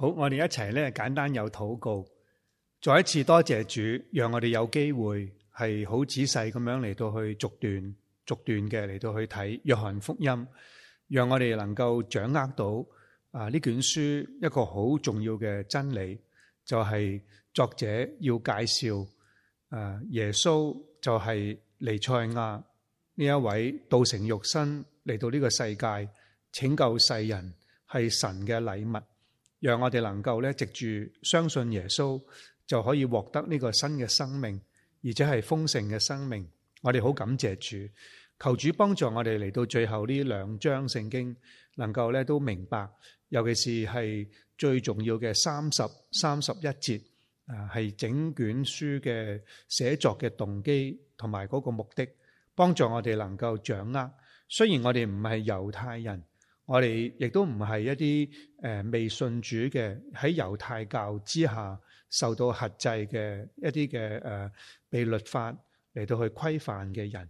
好，我哋一齊咧，簡單有禱告，再一次多謝，謝主，讓我哋有機會係好仔細咁樣嚟到去逐段逐段嘅嚟到去睇《約翰福音》，讓我哋能夠掌握到啊呢卷書一個好重要嘅真理，就係、是、作者要介紹誒、啊、耶穌就係彌賽亞呢一位道成肉身嚟到呢個世界拯救世人，係神嘅禮物。讓我哋能夠咧，藉住相信耶穌就可以獲得呢個新嘅生命，而且係豐盛嘅生命。我哋好感謝主，求主幫助我哋嚟到最後呢兩章聖經，能夠咧都明白，尤其是係最重要嘅三十三十一節，啊，係整卷書嘅寫作嘅動機同埋嗰個目的，幫助我哋能夠掌握。雖然我哋唔係猶太人。我哋亦都唔係一啲誒未信主嘅喺猶太教之下受到轄制嘅一啲嘅誒被律法嚟到去規範嘅人，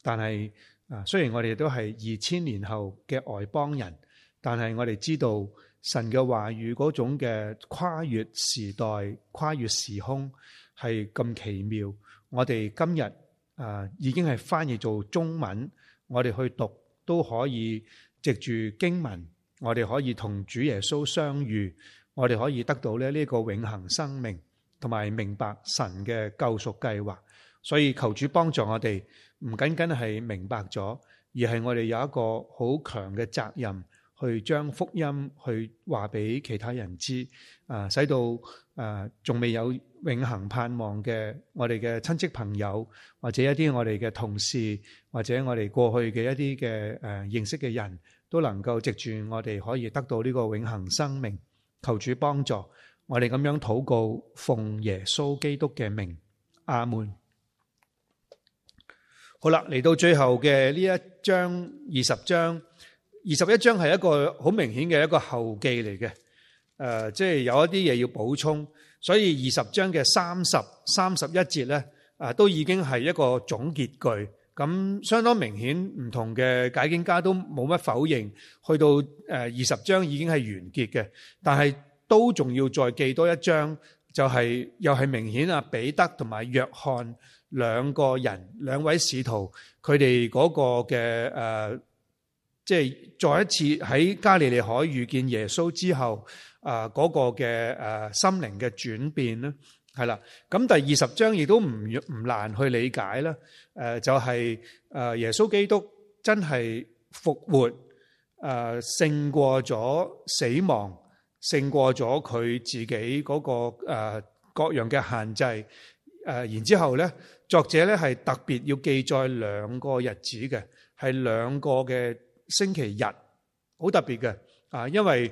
但係啊，雖然我哋都係二千年後嘅外邦人，但係我哋知道神嘅話語嗰種嘅跨越時代、跨越時空係咁奇妙。我哋今日啊已經係翻譯做中文，我哋去讀都可以。藉住經文，我哋可以同主耶穌相遇，我哋可以得到呢個永恒生命，同埋明白神嘅救贖計劃。所以求主幫助我哋，唔僅僅係明白咗，而係我哋有一個好強嘅責任，去將福音去話俾其他人知，啊，使到啊仲未有。永恆盼望嘅我哋嘅親戚朋友，或者一啲我哋嘅同事，或者我哋過去嘅一啲嘅誒認識嘅人都能夠藉住我哋可以得到呢個永恆生命，求主幫助，我哋咁樣禱告，奉耶穌基督嘅名，阿門。好啦，嚟到最後嘅呢一章，二十章二十一章係一個好明顯嘅一個後記嚟嘅，誒、呃，即係有一啲嘢要補充。所以二十章嘅三十三十一節呢，啊都已經係一個總結句，咁相當明顯，唔同嘅解經家都冇乜否認。去到誒二十章已經係完結嘅，但係都仲要再記多一章，就係、是、又係明顯啊彼得同埋約翰兩個人，兩位使徒佢哋嗰個嘅誒，即、呃、係、就是、再一次喺加利利海遇見耶穌之後。啊，嗰個嘅誒心靈嘅轉變咧，係啦，咁第二十章亦都唔唔難去理解咧。誒，就係誒耶穌基督真係復活，誒勝過咗死亡，勝過咗佢自己嗰個誒各樣嘅限制。誒，然之後咧，作者咧係特別要記載兩個日子嘅，係兩個嘅星期日，好特別嘅。啊，因為。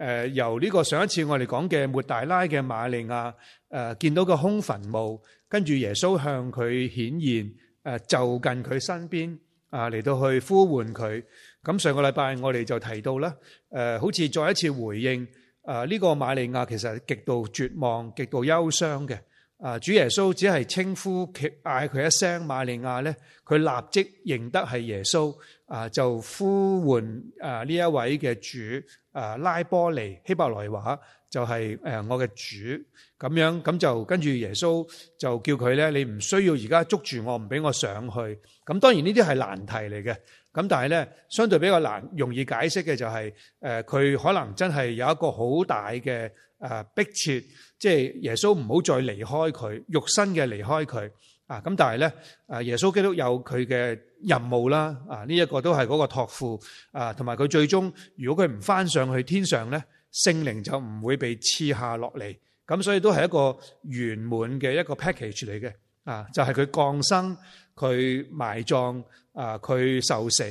誒由呢個上一次我哋講嘅抹大拉嘅瑪利亞，誒見到個空墳墓，跟住耶穌向佢顯現，誒就近佢身邊，啊嚟到去呼喚佢。咁上個禮拜我哋就提到啦，誒好似再一次回應，啊呢個瑪利亞其實係極度絕望、極度憂傷嘅，啊主耶穌只係稱呼嗌佢一聲瑪利亞咧，佢立即認得係耶穌，啊就呼喚啊呢一位嘅主。啊，拉波尼希伯來話就係、是、誒，我嘅主咁樣，咁就跟住耶穌就叫佢咧，你唔需要而家捉住我，唔俾我上去。咁當然呢啲係難題嚟嘅，咁但係咧相對比較難容易解釋嘅就係、是、誒，佢可能真係有一個好大嘅誒迫切，即、就、係、是、耶穌唔好再離開佢肉身嘅離開佢。啊，咁但係咧，啊耶穌基督有佢嘅任務啦，啊呢一個都係嗰個託付啊，同埋佢最終如果佢唔翻上去天上咧，聖靈就唔會被賜下落嚟，咁所以都係一個圓滿嘅一個 package 嚟嘅，啊就係、是、佢降生、佢埋葬、啊佢受死，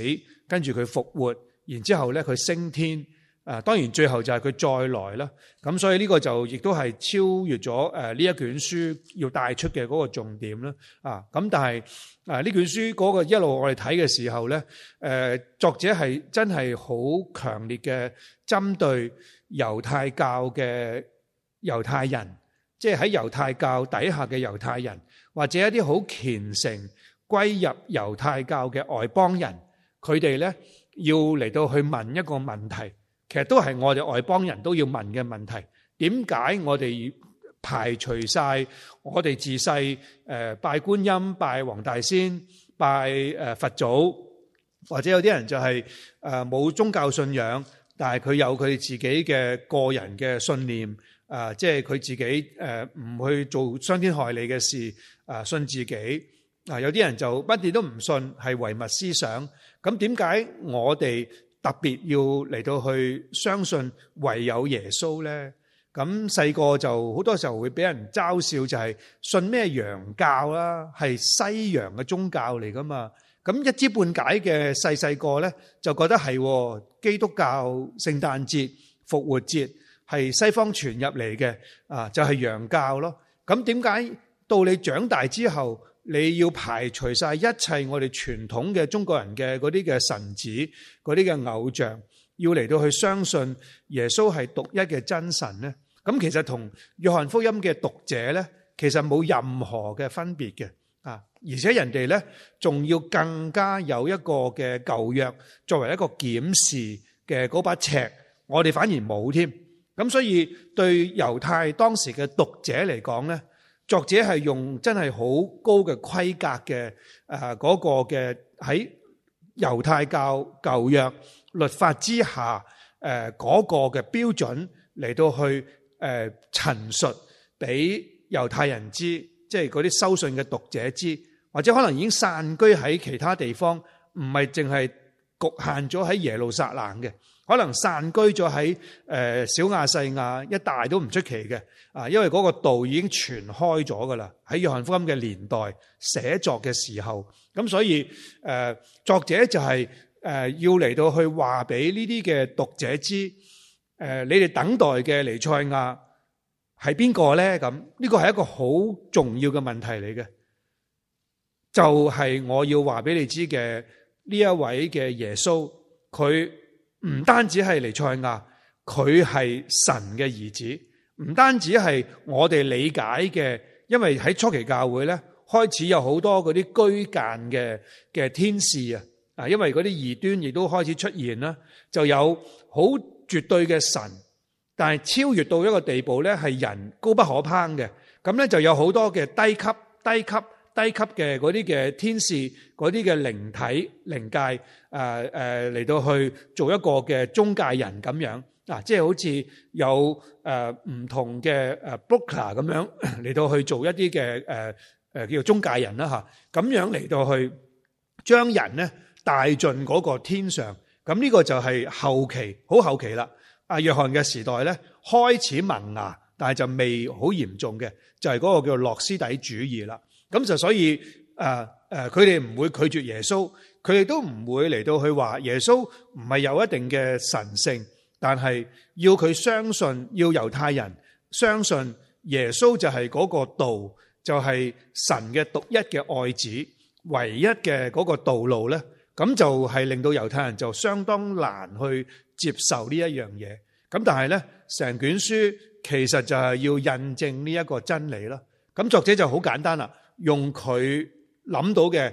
跟住佢復活，然之後咧佢升天。啊，當然最後就係佢再來啦，咁所以呢個就亦都係超越咗誒呢一卷書要帶出嘅嗰個重點啦。啊，咁但係啊呢卷書嗰個一路我哋睇嘅時候咧，誒作者係真係好強烈嘅針對猶太教嘅猶太人，即係喺猶太教底下嘅猶太人，或者一啲好虔誠歸入猶太教嘅外邦人，佢哋咧要嚟到去問一個問題。其實都係我哋外邦人都要問嘅問題，點解我哋排除晒？我哋自細誒拜觀音、拜黃大仙、拜誒佛祖，或者有啲人就係誒冇宗教信仰，但係佢有佢自己嘅個人嘅信念，誒即係佢自己誒唔去做傷天害理嘅事，信自己。啊，有啲人就乜嘢都唔信係唯物思想，咁點解我哋？特別要嚟到去相信唯有耶穌呢，咁細個就好多時候會俾人嘲笑，就係信咩洋教啦，係西洋嘅宗教嚟㗎嘛。咁一知半解嘅細細個呢，就覺得係基督教，聖誕節、復活節係西方傳入嚟嘅，啊，就係洋教咯。咁點解到你長大之後？你要排除晒一切我哋傳統嘅中國人嘅嗰啲嘅神子、嗰啲嘅偶像，要嚟到去相信耶穌係獨一嘅真神咧。咁其實同約翰福音嘅讀者咧，其實冇任何嘅分別嘅啊。而且人哋咧仲要更加有一個嘅舊約作為一個檢視嘅嗰把尺，我哋反而冇添。咁所以對猶太當時嘅讀者嚟講咧。作者係用真係好高嘅規格嘅，誒嗰個嘅喺猶太教舊約律法之下，誒嗰個嘅標準嚟到去誒陳述俾猶太人知，即係嗰啲收信嘅讀者知，或者可能已經散居喺其他地方，唔係淨係局限咗喺耶路撒冷嘅。可能散居咗喺誒小亞細亞一帶都唔出奇嘅，啊，因為嗰個道已經傳開咗噶啦。喺約翰福音嘅年代寫作嘅時候，咁所以誒作者就係誒要嚟到去話俾呢啲嘅讀者知，誒你哋等待嘅尼賽亞係邊個咧？咁呢個係一個好重要嘅問題嚟嘅，就係我要話俾你知嘅呢一位嘅耶穌，佢。唔單止係尼賽亞，佢係神嘅兒子。唔單止係我哋理解嘅，因為喺初期教會咧，開始有好多嗰啲居間嘅嘅天使啊，啊，因為嗰啲異端亦都開始出現啦，就有好絕對嘅神，但係超越到一個地步咧，係人高不可攀嘅。咁咧就有好多嘅低級低級，低級低級嘅嗰啲嘅天使，嗰啲嘅靈體、靈界，誒誒嚟到去做一個嘅中介人咁樣，啊，即係好似有誒唔、呃、同嘅誒 broker 咁樣嚟到去做一啲嘅誒誒叫中介人啦吓，咁、啊、樣嚟到去將人咧帶進嗰個天上，咁、這、呢個就係後期好後期啦，阿約翰嘅時代咧開始萌芽，但係就未好嚴重嘅，就係、是、嗰個叫洛斯底主義啦。咁就所以，誒誒，佢哋唔會拒絕耶穌，佢哋都唔會嚟到去話耶穌唔係有一定嘅神性，但係要佢相信，要猶太人相信耶穌就係嗰個道，就係神嘅獨一嘅愛子，唯一嘅嗰個道路咧，咁就係令到猶太人就相當難去接受呢一樣嘢。咁但係咧，成卷書其實就係要印證呢一個真理咯。咁作者就好簡單啦。用佢諗到嘅，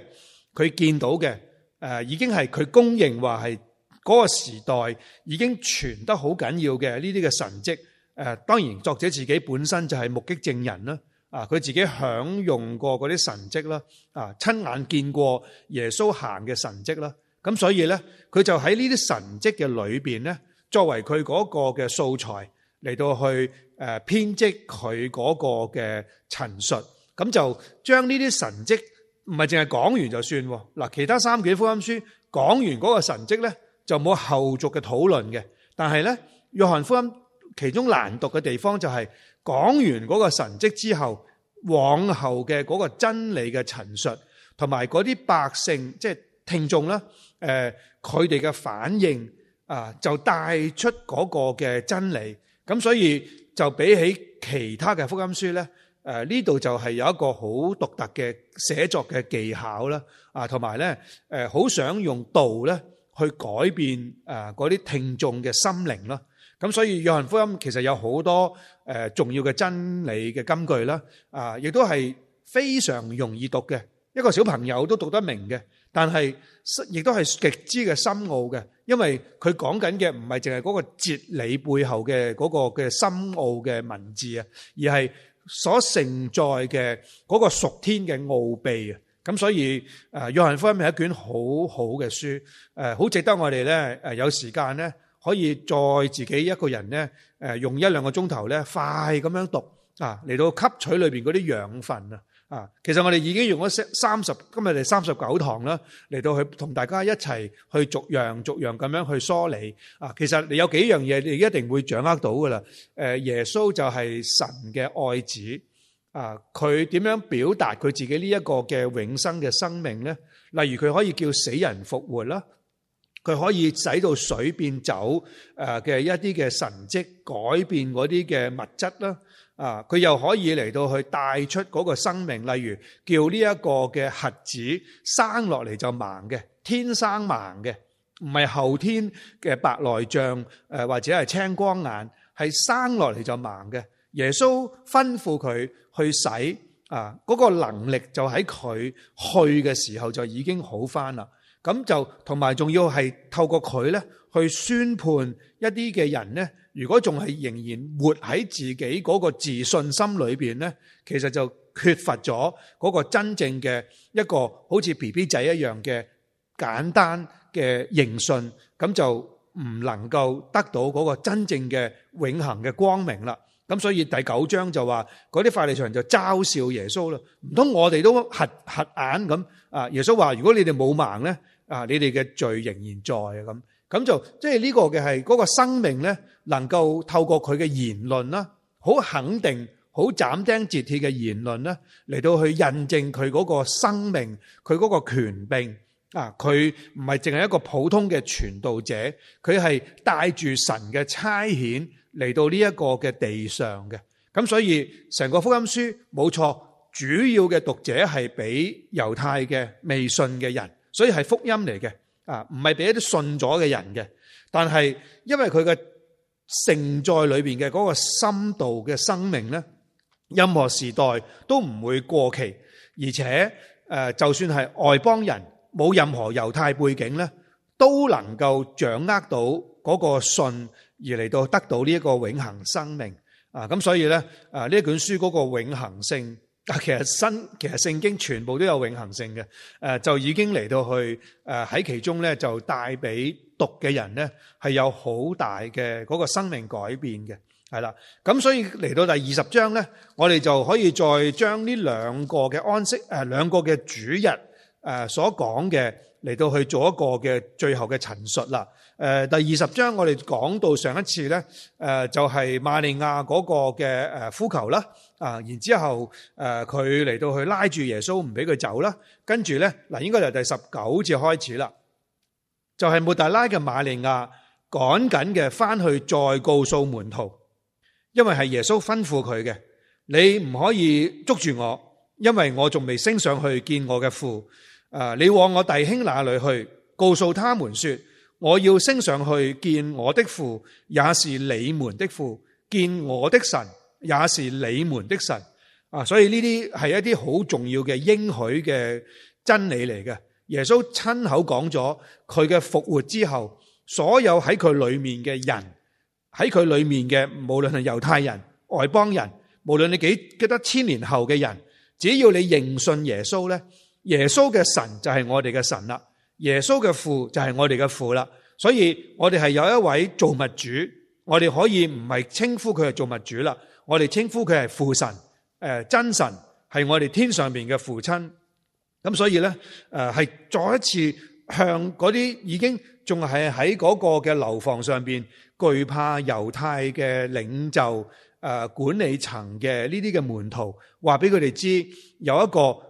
佢見到嘅，誒，已經係佢公認話係嗰個時代已經傳得好緊要嘅呢啲嘅神蹟。誒，當然作者自己本身就係目擊證人啦，啊，佢自己享用過嗰啲神蹟啦，啊，親眼見過耶穌行嘅神蹟啦。咁所以咧，佢就喺呢啲神蹟嘅裏邊咧，作為佢嗰個嘅素材嚟到去誒編織佢嗰個嘅陳述。咁就將呢啲神蹟唔係淨係講完就算喎，嗱，其他三卷福音書講完嗰個神蹟咧，就冇後續嘅討論嘅。但係咧，約翰福音其中難讀嘅地方就係講完嗰個神蹟之後，往後嘅嗰個真理嘅陳述，同埋嗰啲百姓即係聽眾啦，誒，佢哋嘅反應啊，就帶出嗰個嘅真理。咁所以就比起其他嘅福音書咧。誒呢度就係有一個好獨特嘅寫作嘅技巧啦，啊，同埋咧，誒好想用道咧去改變誒嗰啲聽眾嘅心靈啦。咁所以《約翰福音》其實有好多誒重要嘅真理嘅金句啦，啊，亦都係非常容易讀嘅，一個小朋友都讀得明嘅。但係亦都係極之嘅深奧嘅，因為佢講緊嘅唔係淨係嗰個哲理背後嘅嗰個嘅深奧嘅文字啊，而係所承載嘅嗰個屬天嘅奧秘啊，咁所以，誒《約翰福音》係一卷好好嘅書，誒好值得我哋咧，誒有時間咧，可以再自己一個人咧，誒用一兩個鐘頭咧，快咁樣讀啊，嚟到吸取裏邊嗰啲養分啊。啊，其實我哋已經用咗三三十，今日第三十九堂啦，嚟到去同大家一齊去逐樣逐樣咁樣去梳理。啊，其實你有幾樣嘢，你一定會掌握到噶啦。誒，耶穌就係神嘅愛子。啊，佢點樣表達佢自己呢一個嘅永生嘅生命咧？例如佢可以叫死人復活啦，佢可以使到水變酒。誒嘅一啲嘅神蹟，改變嗰啲嘅物質啦。啊！佢又可以嚟到去帶出嗰個生命，例如叫呢一個嘅孩子生落嚟就盲嘅，天生盲嘅，唔係後天嘅白內障，誒、呃、或者係青光眼，係生落嚟就盲嘅。耶穌吩咐佢去洗啊，嗰、那個能力就喺佢去嘅時候就已經好返啦。咁就同埋仲要係透過佢咧，去宣判一啲嘅人咧，如果仲係仍然活喺自己嗰個自信心裏邊咧，其實就缺乏咗嗰個真正嘅一個好似 B B 仔一樣嘅簡單嘅信訊，咁就唔能夠得到嗰個真正嘅永恒嘅光明啦。咁所以第九章就話嗰啲法利賽就嘲笑耶穌啦。唔通我哋都核核眼咁啊？耶穌話：如果你哋冇盲咧，啊，你哋嘅罪仍然在啊咁。咁就即係呢個嘅，係嗰個生命咧，能夠透過佢嘅言論啦，好肯定、好斬釘截鐵嘅言論咧，嚟到去印證佢嗰個生命，佢嗰個權柄啊，佢唔係淨係一個普通嘅傳道者，佢係帶住神嘅差遣嚟到呢一個嘅地上嘅。咁所以成個福音書冇錯，主要嘅讀者係俾猶太嘅未信嘅人，所以係福音嚟嘅。啊，唔係俾一啲信咗嘅人嘅，但係因為佢嘅聖在裏邊嘅嗰個深度嘅生命咧，任何時代都唔會過期，而且誒，就算係外邦人冇任何猶太背景咧，都能夠掌握到嗰個信而嚟到得到呢一個永恒生命啊！咁所以咧，啊呢本書嗰個永恒性。其實新，其實聖經全部都有永恒性嘅，誒，就已經嚟到去，誒喺其中咧就帶俾讀嘅人咧係有好大嘅嗰個生命改變嘅，係啦，咁所以嚟到第二十章咧，我哋就可以再將呢兩個嘅安息，誒，兩個嘅主日，誒所講嘅。嚟到去做一個嘅最後嘅陳述啦。誒，第二十章我哋講到上一次咧，誒就係瑪利亞嗰個嘅誒呼求啦。啊，然之後誒佢嚟到去拉住耶穌唔俾佢走啦。跟住咧嗱，應該由第十九節開始啦，就係抹大拉嘅瑪利亞趕緊嘅翻去再告訴門徒，因為係耶穌吩咐佢嘅，你唔可以捉住我，因為我仲未升上去見我嘅父。啊！你往我弟兄那裏去，告訴他們說：我要升上去見我的父，也是你們的父；見我的神，也是你們的神。啊！所以呢啲係一啲好重要嘅應許嘅真理嚟嘅。耶穌親口講咗，佢嘅復活之後，所有喺佢裏面嘅人，喺佢裏面嘅，無論係猶太人、外邦人，無論你幾幾千年後嘅人，只要你認信耶穌呢，耶穌嘅神就係我哋嘅神啦，耶穌嘅父就係我哋嘅父啦，所以我哋係有一位造物主，我哋可以唔係稱呼佢係造物主啦，我哋稱呼佢係父神，誒真神係我哋天上邊嘅父親，咁所以咧，誒係再一次向嗰啲已經仲係喺嗰個嘅樓房上面懼怕猶太嘅領袖誒管理層嘅呢啲嘅門徒，話俾佢哋知有一個。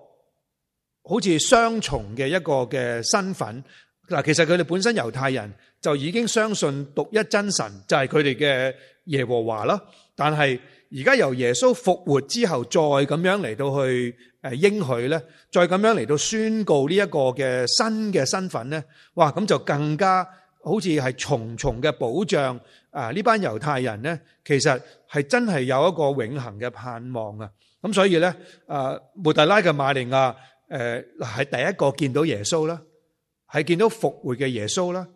好似雙重嘅一個嘅身份嗱，其實佢哋本身猶太人就已經相信獨一真神就係佢哋嘅耶和華啦。但係而家由耶穌復活之後，再咁樣嚟到去誒應許咧，再咁樣嚟到宣告呢一個嘅新嘅身份咧，哇！咁就更加好似係重重嘅保障啊！呢班猶太人咧，其實係真係有一個永恆嘅盼望啊！咁所以咧，誒抹大拉嘅馬利亞。誒，係、呃、第一個見到耶穌啦，係見到復活嘅耶穌啦，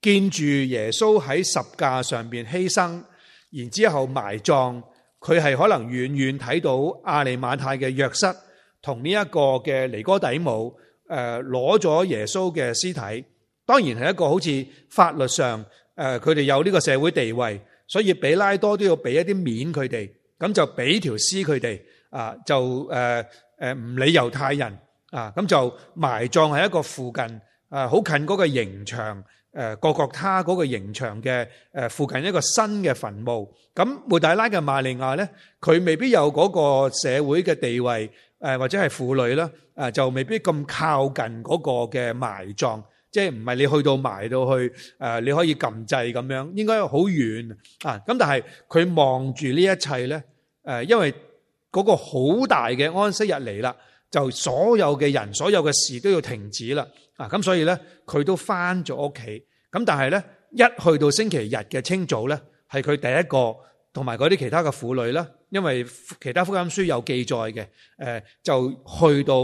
見住耶穌喺十架上邊犧牲，然之後埋葬，佢係可能遠遠睇到亞利馬太嘅約瑟，同呢一個嘅尼哥底母，誒攞咗耶穌嘅屍體，當然係一個好似法律上，誒佢哋有呢個社會地位，所以比拉多都要俾一啲面佢哋，咁就俾條屍佢哋，啊、呃、就誒。呃誒，唔理猶太人啊，咁就埋葬喺一個附近，啊，好近嗰個刑場，誒，各各他嗰個刑場嘅誒附近一個新嘅墳墓。咁末大拉嘅瑪利亞咧，佢未必有嗰個社會嘅地位，誒，或者係婦女啦，誒，就未必咁靠近嗰個嘅埋葬，即係唔係你去到埋到去，誒，你可以撳掣咁樣，應該好遠啊。咁但係佢望住呢一切咧，誒，因為。嗰個好大嘅安息日嚟啦，就所有嘅人、所有嘅事都要停止啦。啊，咁所以呢，佢都返咗屋企。咁但係呢，一去到星期日嘅清早呢，係佢第一個，同埋嗰啲其他嘅婦女呢，因為其他福音書有記載嘅，誒，就去到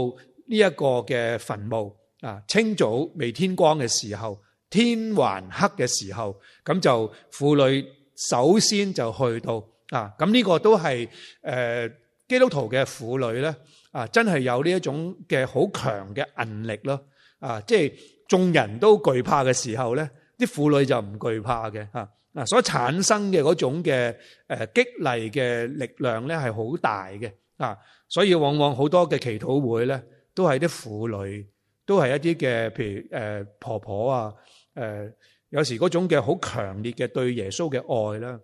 呢一個嘅墳墓啊，清早未天光嘅時候，天還黑嘅時候，咁就婦女首先就去到啊，咁呢個都係誒。基督徒嘅婦女咧，啊，真係有呢一種嘅好強嘅韌力咯，啊，即係眾人都懼怕嘅時候咧，啲婦女就唔懼怕嘅吓，啊，所產生嘅嗰種嘅誒激勵嘅力量咧係好大嘅啊，所以往往好多嘅祈禱會咧，都係啲婦女，都係一啲嘅，譬如誒婆婆啊，誒，有時嗰種嘅好強烈嘅對耶穌嘅愛啦。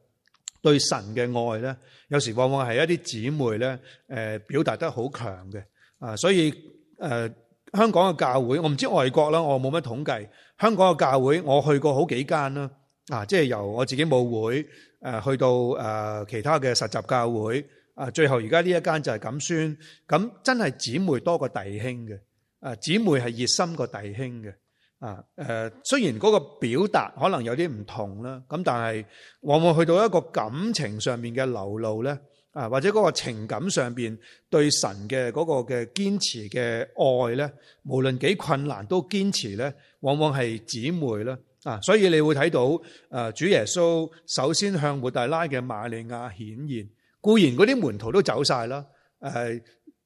對神嘅愛咧，有時往往係一啲姊妹咧，誒表達得好強嘅啊。所以誒，香港嘅教會，我唔知外國啦，我冇乜統計。香港嘅教會，我去過好幾間啦，啊，即係由我自己母會誒，去到誒其他嘅實習教會啊。最後而家呢一間就係咁算，咁真係姊妹多過弟兄嘅啊，姊妹係熱心過弟兄嘅。啊，誒，雖然嗰個表達可能有啲唔同啦，咁但係往往去到一個感情上面嘅流露咧，啊，或者嗰個情感上面對神嘅嗰個嘅堅持嘅愛咧，無論幾困難都堅持咧，往往係姊妹啦，啊，所以你會睇到，誒、啊，主耶穌首先向抹大拉嘅馬利亞顯現，固然嗰啲門徒都走晒啦，誒、啊，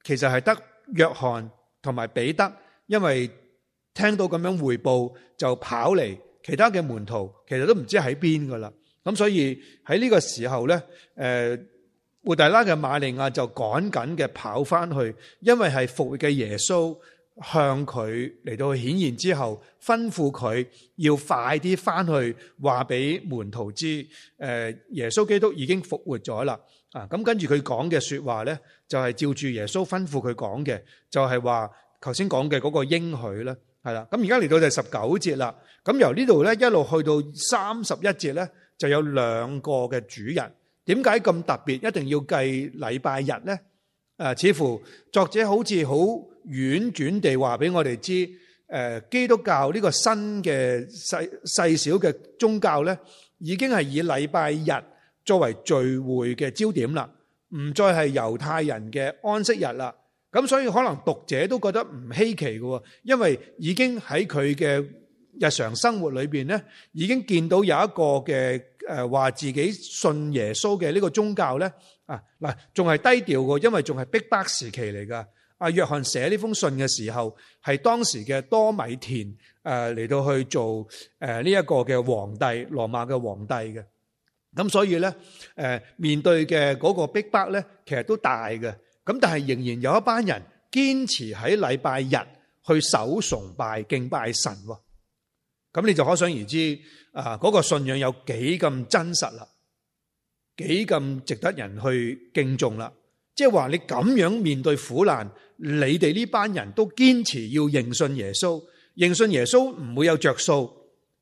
其實係得約翰同埋彼得，因為，聽到咁樣回報就跑嚟，其他嘅門徒其實都唔知喺邊噶啦。咁所以喺呢個時候咧，誒，抹大拉嘅馬利亞就趕緊嘅跑翻去，因為係復活嘅耶穌向佢嚟到顯現之後，吩咐佢要快啲翻去話俾門徒知，誒，耶穌基督已經復活咗啦。啊，咁跟住佢講嘅說話咧，就係、是、照住耶穌吩咐佢講嘅，就係話頭先講嘅嗰個應許咧。係啦，咁而家嚟到第十九節啦，咁由呢度咧一路去到三十一節咧，就有兩個嘅主日。點解咁特別，一定要計禮拜日咧？誒、呃，似乎作者好似好婉轉地話俾我哋知，誒、呃，基督教呢個新嘅細細小嘅宗教咧，已經係以禮拜日作為聚會嘅焦點啦，唔再係猶太人嘅安息日啦。咁所以可能讀者都覺得唔稀奇嘅，因為已經喺佢嘅日常生活裏邊咧，已經見到有一個嘅誒話自己信耶穌嘅呢個宗教咧啊嗱，仲係低調嘅，因為仲係逼迫時期嚟㗎。阿約翰寫呢封信嘅時候，係當時嘅多米田誒嚟到去做誒呢一個嘅皇帝，羅馬嘅皇帝嘅。咁所以咧誒面對嘅嗰個逼迫咧，其實都大嘅。咁但係仍然有一班人堅持喺禮拜日去守崇拜敬拜神喎，咁你就可想而知啊，嗰個信仰有幾咁真實啦，幾咁值得人去敬重啦。即係話你咁樣面對苦難，你哋呢班人都堅持要認信耶穌，認信耶穌唔會有着數。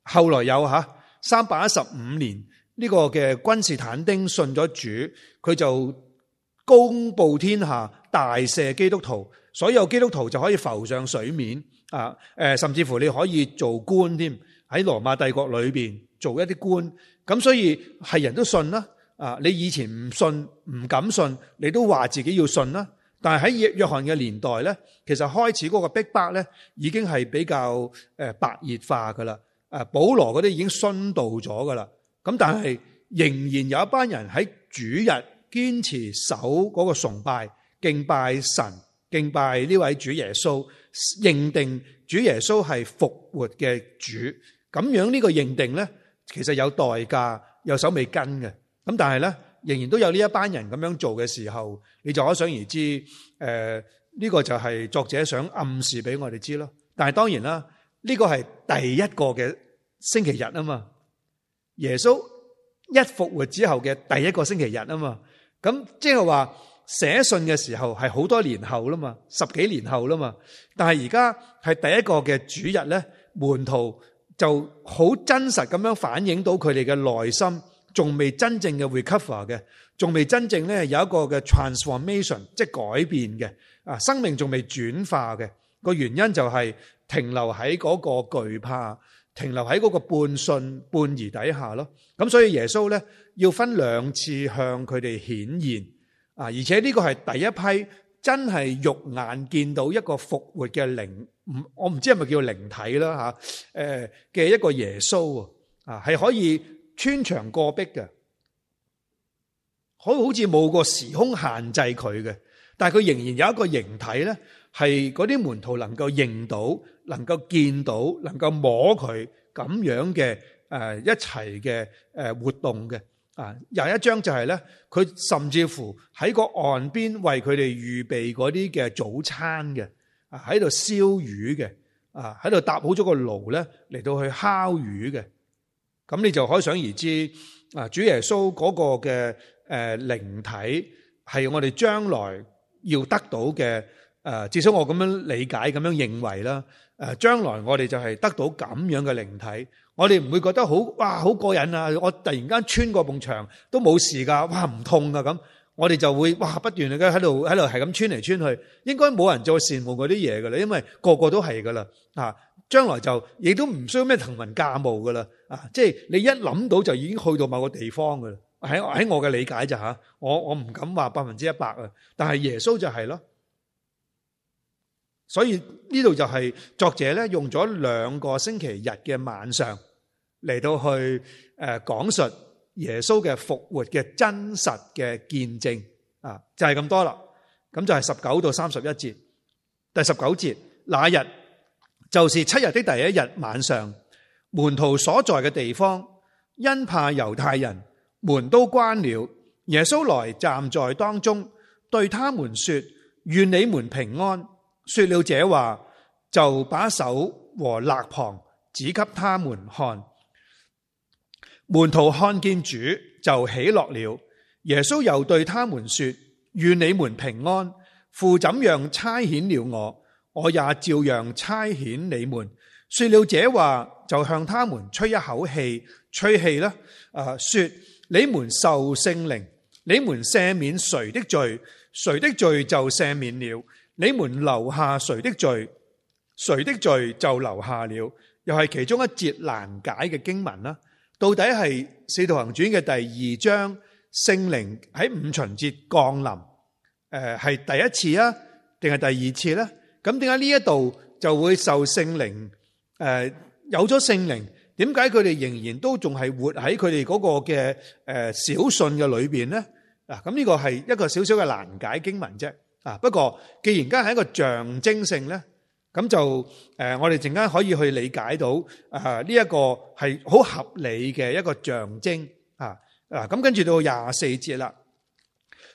後來有吓三百一十五年呢個嘅君士坦丁信咗主，佢就。公布天下，大赦基督徒，所有基督徒就可以浮上水面啊！誒，甚至乎你可以做官添，喺羅馬帝國裏邊做一啲官。咁所以係人都信啦！啊，你以前唔信，唔敢信，你都話自己要信啦。但係喺約翰嘅年代咧，其實開始嗰個逼迫咧已經係比較誒白熱化噶啦。誒，保羅嗰啲已經殉道咗噶啦。咁但係仍然有一班人喺主日。堅持守嗰個崇拜，敬拜神、敬拜呢位主耶穌，認定主耶穌係復活嘅主。咁樣呢個認定咧，其實有代價，有手尾跟嘅。咁但係咧，仍然都有呢一班人咁樣做嘅時候，你就可想而知。誒，呢個就係作者想暗示俾我哋知咯。但係當然啦，呢個係第一個嘅星期日啊嘛，耶穌一復活之後嘅第一個星期日啊嘛。咁即係話寫信嘅時候係好多年後啦嘛，十幾年後啦嘛。但係而家係第一個嘅主日咧，門徒就好真實咁樣反映到佢哋嘅內心，仲未真正嘅 recover 嘅，仲未真正咧有一個嘅 transformation，即係改變嘅，啊，生命仲未轉化嘅。個原因就係停留喺嗰個懼怕，停留喺嗰個半信半疑底下咯。咁所以耶穌咧。要分兩次向佢哋顯現啊！而且呢個係第一批真係肉眼見到一個復活嘅靈，唔，我唔知係咪叫靈體啦吓，誒嘅一個耶穌啊，係可以穿牆過壁嘅，好好似冇個時空限制佢嘅，但係佢仍然有一個形體咧，係嗰啲門徒能夠認到、能夠見到、能夠摸佢咁樣嘅誒一齊嘅誒活動嘅。啊，又一章就係咧，佢甚至乎喺個岸邊為佢哋預備嗰啲嘅早餐嘅，喺度燒魚嘅，啊，喺度搭好咗個爐咧嚟到去烤魚嘅。咁你就可想而知，啊，主耶穌嗰個嘅誒靈體係我哋將來要得到嘅，誒，至少我咁樣理解，咁樣認為啦。誒，將來我哋就係得到咁樣嘅靈體。我哋唔會覺得好哇，好過癮啊！我突然間穿過埲牆都冇事噶哇，唔痛啊咁，我哋就會哇，不斷咁喺度喺度係咁穿嚟穿去。應該冇人再羨慕嗰啲嘢噶啦因為個個都係噶啦啊！將來就亦都唔需要咩騰雲駕霧噶啦啊！即係你一諗到就已經去到某個地方噶啦喺喺我嘅理解就吓，我我唔敢話百分之一百啊，但係耶穌就係咯。所以呢度就係作者咧，用咗兩個星期日嘅晚上嚟到去誒講述耶穌嘅復活嘅真實嘅見證啊，就係咁多啦。咁就係十九到三十一節，第十九節，那日就是七日的第一日晚上，門徒所在嘅地方，因怕猶太人，門都關了。耶穌來站在當中，對他們說：願你們平安。說了這話，就把手和肋旁指給他們看。門徒看見主就喜樂了。耶穌又對他們說：願你們平安。父怎樣差遣了我，我也照樣差遣你們。說了這話，就向他們吹一口氣，吹氣啦、啊。說你們受聖靈，你們赦免誰的罪，誰的罪就赦免了。你們留下誰的罪，誰的罪就留下了，又係其中一節難解嘅經文啦。到底係《使徒行傳》嘅第二章，聖靈喺五旬節降臨，誒係第一次啊，定係第二次咧？咁點解呢一度就會受聖靈？誒，有咗聖靈，點解佢哋仍然都仲係活喺佢哋嗰個嘅誒小信嘅裏邊咧？嗱，咁呢個係一個小小嘅難解經文啫。啊！不過既然家係一個象徵性咧，咁就誒，我哋陣間可以去理解到啊，呢一個係好合理嘅一個象徵啊啊！咁跟住到廿四節啦。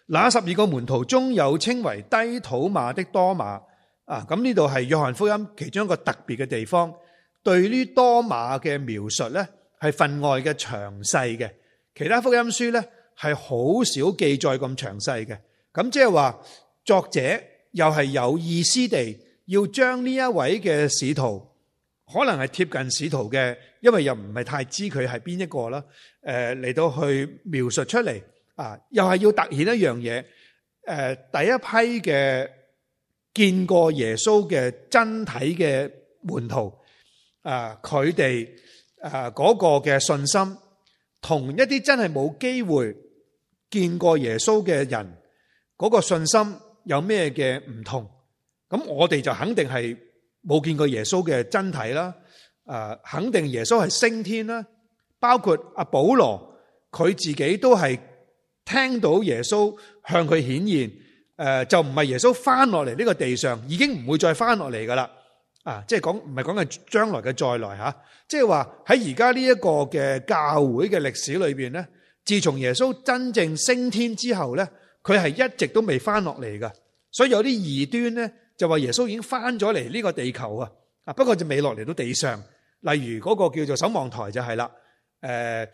嗱，十二個門徒中有稱為低土馬的多馬啊！咁呢度係約翰福音其中一個特別嘅地方，對於多馬嘅描述咧係分外嘅詳細嘅，其他福音書咧係好少記載咁詳細嘅。咁即係話。作者又係有意思地要將呢一位嘅使徒，可能係貼近使徒嘅，因為又唔係太知佢係邊一個啦。誒，嚟到去描述出嚟啊，又係要凸顯一樣嘢。誒，第一批嘅見過耶穌嘅真體嘅門徒啊，佢哋誒嗰個嘅信心，同一啲真係冇機會見過耶穌嘅人嗰個信心，有咩嘅唔同？咁我哋就肯定係冇見過耶穌嘅真體啦。誒、呃，肯定耶穌係升天啦。包括阿保羅佢自己都係聽到耶穌向佢顯現。誒、呃，就唔係耶穌翻落嚟呢個地上，已經唔會再翻落嚟噶啦。啊，即係講唔係講緊將來嘅再來吓、啊。即係話喺而家呢一個嘅教會嘅歷史裏邊咧，自從耶穌真正升天之後咧。佢係一直都未翻落嚟噶，所以有啲異端咧，就話耶穌已經翻咗嚟呢個地球啊，啊不過就未落嚟到地上。例如嗰個叫做守望台就係啦，誒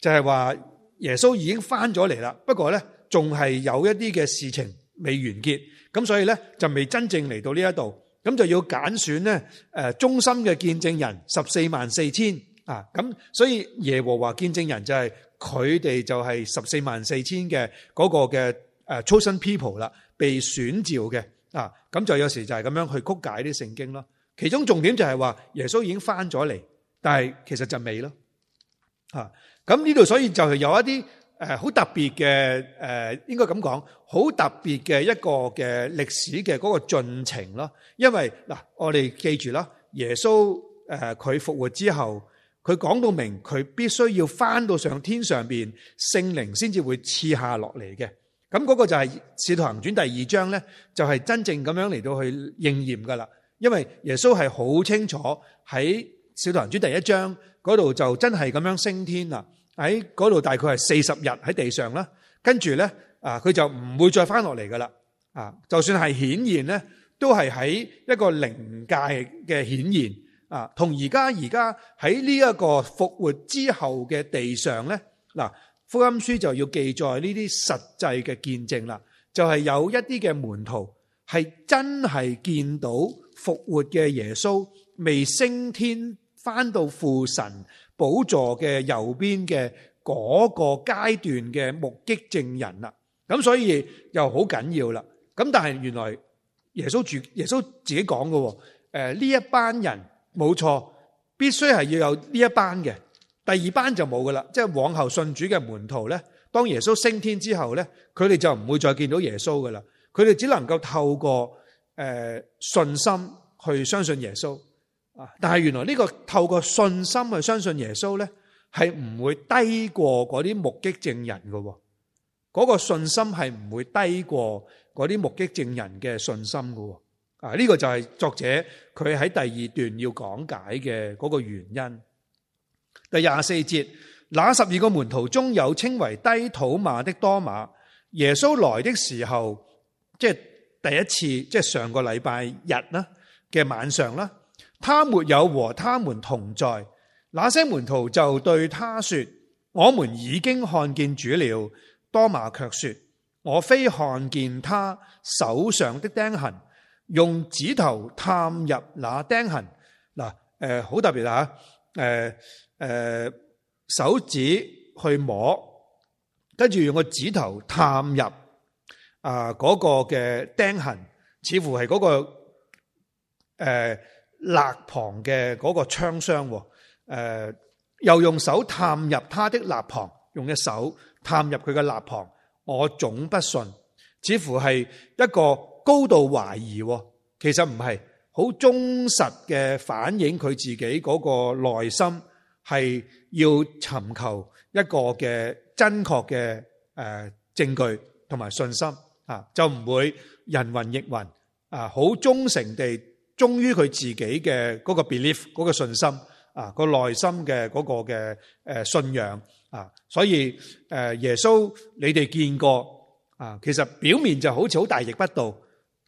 就係話耶穌已經翻咗嚟啦，不過咧仲係有一啲嘅事情未完結，咁所以咧就未真正嚟到呢一度，咁就要揀選咧誒中心嘅見證人十四萬四千啊，咁所以耶和華見證人就係佢哋就係十四萬四千嘅嗰個嘅。誒 chosen people 啦，被選召嘅啊，咁就有時就係咁樣去曲解啲聖經咯。其中重點就係話耶穌已經翻咗嚟，但係其實就未咯。吓，咁呢度所以就係有一啲誒好特別嘅誒，應該咁講，好特別嘅一個嘅歷史嘅嗰個進程咯。因為嗱，我哋記住啦，耶穌誒佢復活之後，佢講到明佢必須要翻到上天上邊，聖靈先至會賜下落嚟嘅。咁嗰個就係《使徒行傳》第二章咧，就係真正咁樣嚟到去應驗噶啦。因為耶穌係好清楚喺《使徒行傳》第一章嗰度就真係咁樣升天啦。喺嗰度大概係四十日喺地上啦，跟住咧啊，佢就唔會再翻落嚟噶啦。啊，就算係顯現咧，都係喺一個靈界嘅顯現啊。同而家而家喺呢一個復活之後嘅地上咧，嗱。福音書就要記載呢啲實際嘅見證啦，就係有一啲嘅門徒係真係見到復活嘅耶穌未升天返到父神寶座嘅右邊嘅嗰個階段嘅目擊證人啦，咁所以又好緊要啦。咁但係原來耶穌主耶穌自己講嘅，誒，呢一班人冇錯，必須係要有呢一班嘅。第二班就冇噶啦，即係往後信主嘅門徒咧，當耶穌升天之後咧，佢哋就唔會再見到耶穌噶啦，佢哋只能夠透過誒信心去相信耶穌啊！但係原來呢個透過信心去相信耶穌咧，係唔會低過嗰啲目擊證人噶，嗰、嗰個信心係唔會低過嗰啲目擊證人嘅信心噶。啊，呢個就係作者佢喺第二段要講解嘅嗰個原因。第廿四節，那十二個門徒中有稱為低土馬的多馬，耶穌來的時候，即第一次，即上個禮拜日啦嘅晚上啦，他沒有和他們同在，那些門徒就對他說：我們已經看見主了。多馬卻說：我非看見他手上的釘痕，用指頭探入那釘痕。嗱、呃，誒，好特別啊，誒、呃。誒、呃，手指去摸，跟住用個指頭探入啊嗰、呃那個嘅釘痕，似乎係嗰、那個誒肋、呃、旁嘅嗰個槍傷。誒、呃，又用手探入他的肋旁，用隻手探入佢嘅肋旁，我總不信，似乎係一個高度懷疑。其實唔係，好忠實嘅反映佢自己嗰個內心。係要尋求一個嘅真確嘅誒證據同埋信心啊，就唔會人云亦云啊，好忠誠地忠於佢自己嘅嗰個 belief 嗰個信心啊，個內心嘅嗰個嘅誒信仰啊，所以誒耶穌你哋見過啊，其實表面就好似好大逆不道，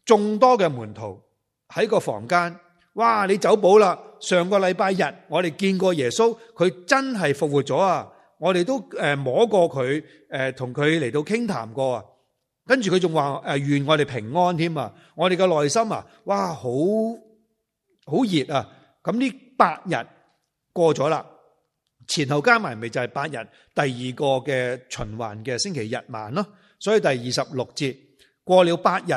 眾多嘅門徒喺個房間。哇！你走寶啦！上個禮拜日我哋見過耶穌，佢真係復活咗啊！我哋都誒摸過佢，誒同佢嚟到傾談過啊！跟住佢仲話誒願我哋平安添啊！我哋個內心啊，哇，好好熱啊！咁呢八日過咗啦，前後加埋咪就係八日。第二個嘅循環嘅星期日晚咯，所以第二十六節過了八日，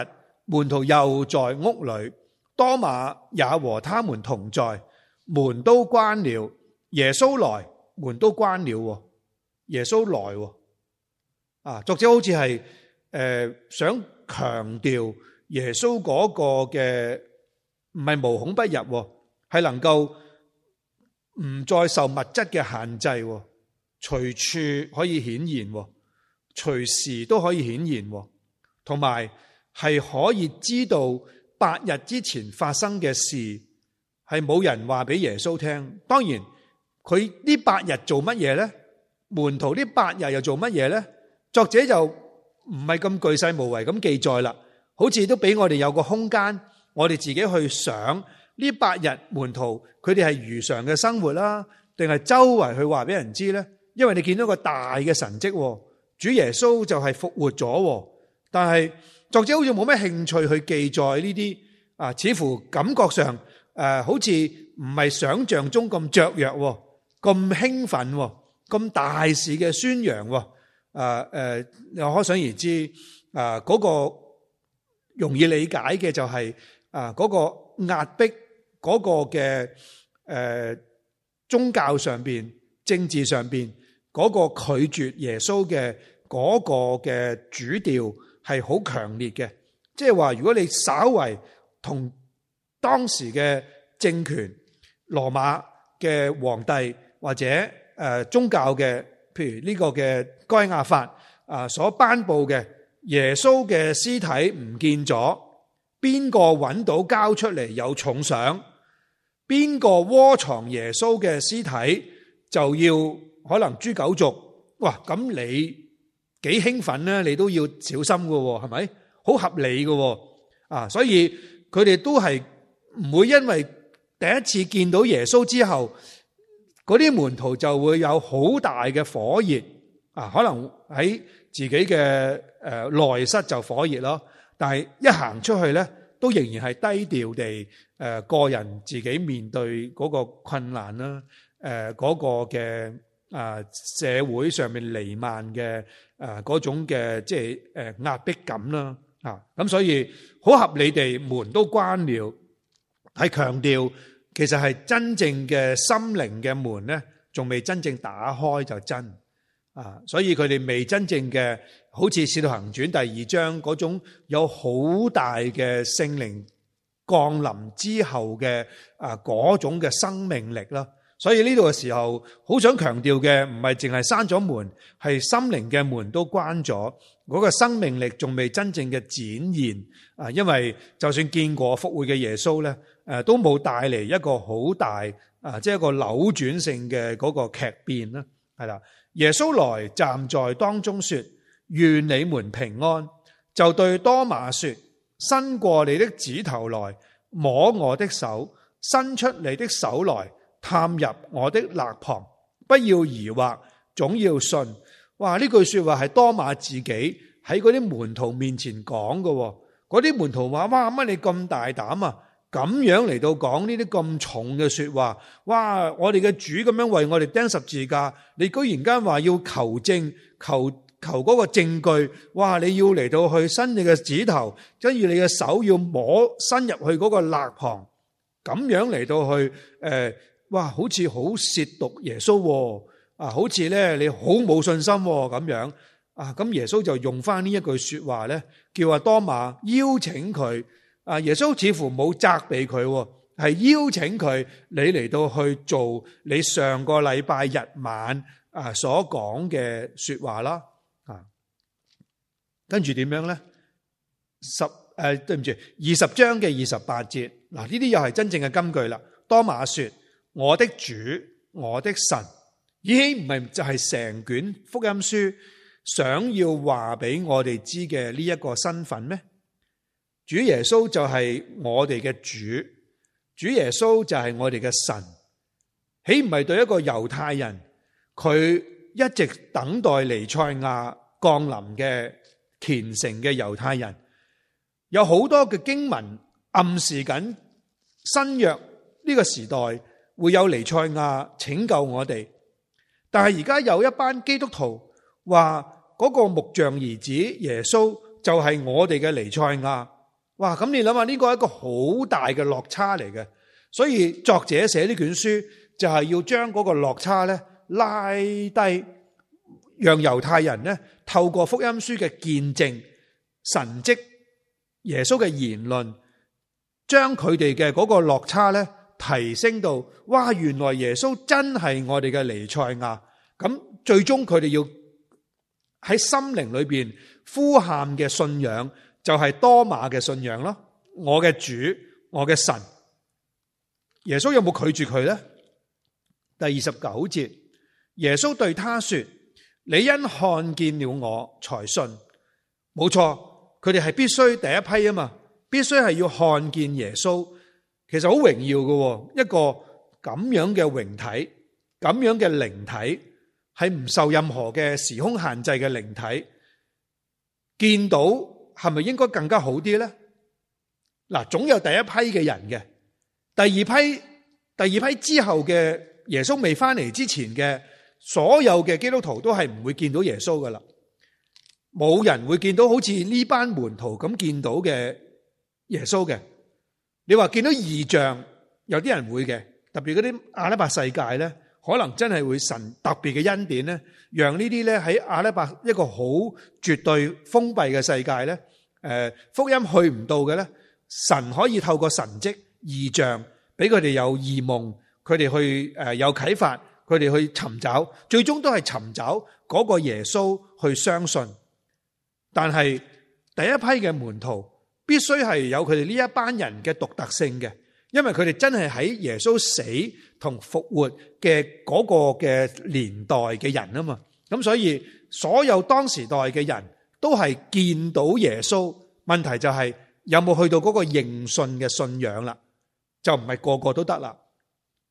門徒又在屋裏。多馬也和他們同在，門都關了，耶穌來，門都關了。耶穌來，啊，作者好似係誒想強調耶穌嗰個嘅唔係無孔不入，係能夠唔再受物質嘅限制，隨處可以顯現，隨時都可以顯現，同埋係可以知道。八日之前發生嘅事係冇人話俾耶穌聽。當然佢呢八日做乜嘢呢？門徒呢八日又做乜嘢呢？作者就唔係咁巨細無遺咁記載啦，好似都俾我哋有個空間，我哋自己去想呢八日門徒佢哋係如常嘅生活啦，定係周圍去話俾人知呢？因為你見到個大嘅神蹟，主耶穌就係復活咗，但係。作者好似冇咩興趣去記載呢啲啊，似乎感覺上誒、呃、好似唔係想像中咁雀躍、咁、哦、興奮、咁、哦、大肆嘅宣揚喎。啊、呃、誒，又、呃、可想而知啊嗰、呃那個容易理解嘅就係啊嗰個壓迫嗰個嘅誒、呃、宗教上面，政治上面，嗰、那個拒絕耶穌嘅嗰個嘅主調。係好強烈嘅，即係話如果你稍為同當時嘅政權羅馬嘅皇帝或者宗教嘅，譬如呢個嘅該亞法啊所頒布嘅，耶穌嘅屍體唔見咗，邊個揾到交出嚟有重賞？邊個窩藏耶穌嘅屍體就要可能誅九族。哇！咁你，幾興奮咧，你都要小心喎，係咪？好合理嘅，啊！所以佢哋都係唔會因為第一次見到耶穌之後，嗰啲門徒就會有好大嘅火熱啊！可能喺自己嘅誒內室就火熱咯，但係一行出去咧，都仍然係低調地誒，個人自己面對嗰個困難啦，誒嗰個嘅啊社會上面彌漫嘅。誒嗰種嘅即係誒壓迫感啦，啊咁所以好合理地門都關了，係強調其實係真正嘅心靈嘅門咧，仲未真正打開就真啊，所以佢哋未真正嘅好似《使徒行傳》第二章嗰種有好大嘅聖靈降臨之後嘅啊嗰種嘅生命力啦。所以呢度嘅時候，好想強調嘅唔係淨係閂咗門，係心靈嘅門都關咗。嗰個生命力仲未真正嘅展現啊！因為就算見過復活嘅耶穌呢，誒，都冇帶嚟一個好大啊，即係一個扭轉性嘅嗰個劇變啦。係啦，耶穌來站在當中說：願你們平安。就對多馬說：伸過你的指頭來摸我的手，伸出你的手來。探入我的肋旁，不要疑惑，總要信。哇！呢句說話係多馬自己喺嗰啲門徒面前講嘅。嗰啲門徒話：哇！乜你咁大膽啊？咁樣嚟到講呢啲咁重嘅說話。哇！我哋嘅主咁樣為我哋釘十字架，你居然間話要求證、求求嗰個證據。哇！你要嚟到去伸你嘅指頭，跟住你嘅手要摸伸入去嗰個肋旁，咁樣嚟到去誒。呃哇，好似好褻瀆耶穌啊！好似咧你好冇信心咁樣啊！咁、啊、耶穌就用翻呢一句說話咧，叫阿多馬邀請佢啊！耶穌似乎冇責備佢，係邀請佢你嚟到去做你上個禮拜日晚啊所講嘅說話啦啊！跟住點樣咧？十誒、啊，對唔住，二十章嘅二十八節嗱，呢啲又係真正嘅金句啦。多馬說。我的主，我的神，豈唔係就係成卷福音書想要話俾我哋知嘅呢一個身份咩？主耶穌就係我哋嘅主，主耶穌就係我哋嘅神，豈唔係對一個猶太人，佢一直等待彌賽亞降臨嘅虔誠嘅猶太人，有好多嘅經文暗示緊新約呢個時代。會有彌賽亞拯救我哋，但係而家有一班基督徒話嗰、那個木匠兒子耶穌就係我哋嘅彌賽亞，哇！咁你諗下呢個係一個好大嘅落差嚟嘅，所以作者寫呢卷書就係要將嗰個落差咧拉低，讓猶太人咧透過福音書嘅見證、神蹟、耶穌嘅言論，將佢哋嘅嗰個落差咧。提升到，哇！原來耶穌真係我哋嘅尼賽亞，咁最終佢哋要喺心靈裏邊呼喊嘅信仰就係多馬嘅信仰咯。我嘅主，我嘅神，耶穌有冇拒絕佢呢？第二十九節，耶穌對他說：你因看見了我才信，冇錯。佢哋係必須第一批啊嘛，必須係要看見耶穌。其實好榮耀嘅，一個咁樣嘅榮體，咁樣嘅靈體係唔受任何嘅時空限制嘅靈體，見到係咪應該更加好啲咧？嗱，總有第一批嘅人嘅，第二批、第二批之後嘅耶穌未翻嚟之前嘅所有嘅基督徒都係唔會見到耶穌噶啦，冇人會見到好似呢班門徒咁見到嘅耶穌嘅。你話見到異象，有啲人會嘅，特別嗰啲阿拉伯世界咧，可能真係會神特別嘅恩典咧，讓呢啲咧喺阿拉伯一個好絕對封閉嘅世界咧，誒福音去唔到嘅咧，神可以透過神蹟異象，俾佢哋有異夢，佢哋去誒有啟發，佢哋去尋找，最終都係尋找嗰個耶穌去相信。但係第一批嘅門徒。必須係有佢哋呢一班人嘅獨特性嘅，因為佢哋真係喺耶穌死同復活嘅嗰個嘅年代嘅人啊嘛。咁所以所有當時代嘅人都係見到耶穌，問題就係有冇去到嗰個認信嘅信仰啦，就唔係個個都得啦。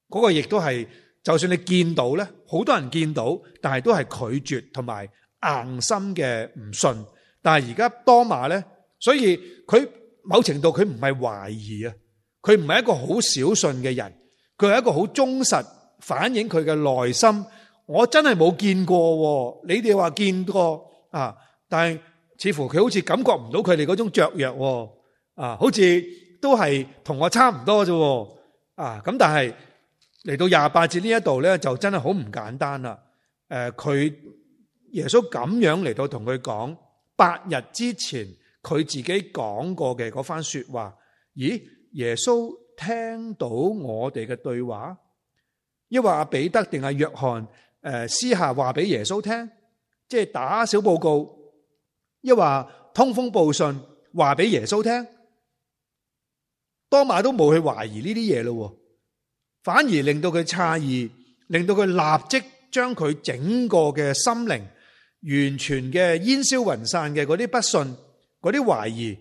嗰個亦都係，就算你見到咧，好多人見到，但係都係拒絕同埋硬心嘅唔信。但係而家多馬咧。所以佢某程度佢唔係懷疑啊，佢唔係一個好小信嘅人，佢係一個好忠實反映佢嘅內心。我真係冇見過，你哋話見過啊？但係似乎佢好似感覺唔到佢哋嗰種雀躍，啊，好似都係同我差唔多啫，啊咁。但係嚟到廿八節呢一度咧，就真係好唔簡單啦。誒、啊，佢耶穌咁樣嚟到同佢講八日之前。佢自己講過嘅嗰番說話，咦？耶穌聽到我哋嘅對話，一話阿彼得定係約翰誒私下話俾耶穌聽，即係打小報告，一話通風報信話俾耶穌聽，多馬都冇去懷疑呢啲嘢咯，反而令到佢詫異，令到佢立即將佢整個嘅心靈完全嘅煙消雲散嘅嗰啲不信，嗰啲懷疑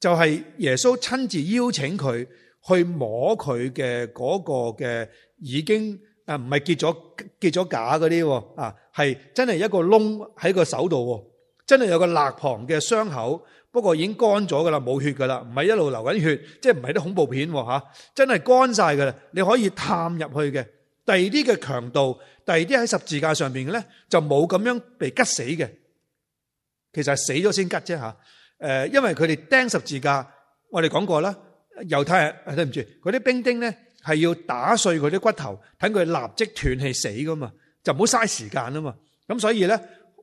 就係耶穌親自邀請佢去摸佢嘅嗰個嘅已經啊唔係結咗結咗假嗰啲喎，啊係真係一個窿喺個手度喎，真係有個肋旁嘅傷口，不過已經乾咗噶啦，冇血噶啦，唔係一路流緊血，即係唔係啲恐怖片吓，真係乾晒噶啦，你可以探入去嘅。第二啲嘅強度，第二啲喺十字架上邊嘅咧就冇咁樣被吉死嘅，其實係死咗先吉啫吓。誒，因為佢哋釘十字架，我哋講過啦，猶太人對唔住，嗰啲兵丁咧係要打碎佢啲骨頭，等佢立即斷氣死噶嘛，就唔好嘥時間啊嘛。咁所以咧，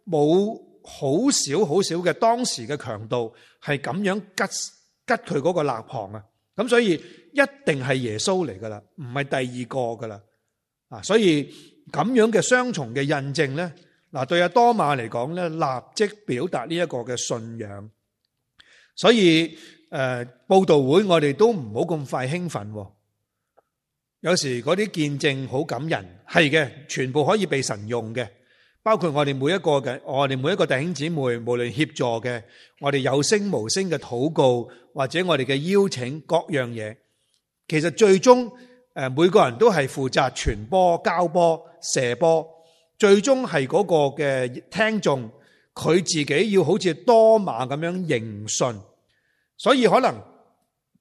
冇好少好少嘅當時嘅強盜係咁樣拮拮佢嗰個肋旁啊。咁所以一定係耶穌嚟噶啦，唔係第二個噶啦。啊，所以咁樣嘅雙重嘅印證咧，嗱，對阿多馬嚟講咧，立即表達呢一個嘅信仰。所以誒，報道會我哋都唔好咁快興奮，有時嗰啲見證好感人，係嘅，全部可以被神用嘅，包括我哋每一個嘅，我哋每一個弟兄姊妹，無論協助嘅，我哋有聲無聲嘅禱告，或者我哋嘅邀請，各樣嘢，其實最終誒，每個人都係負責傳波、交波、射波，最終係嗰個嘅聽眾。佢自己要好似多馬咁樣認信，所以可能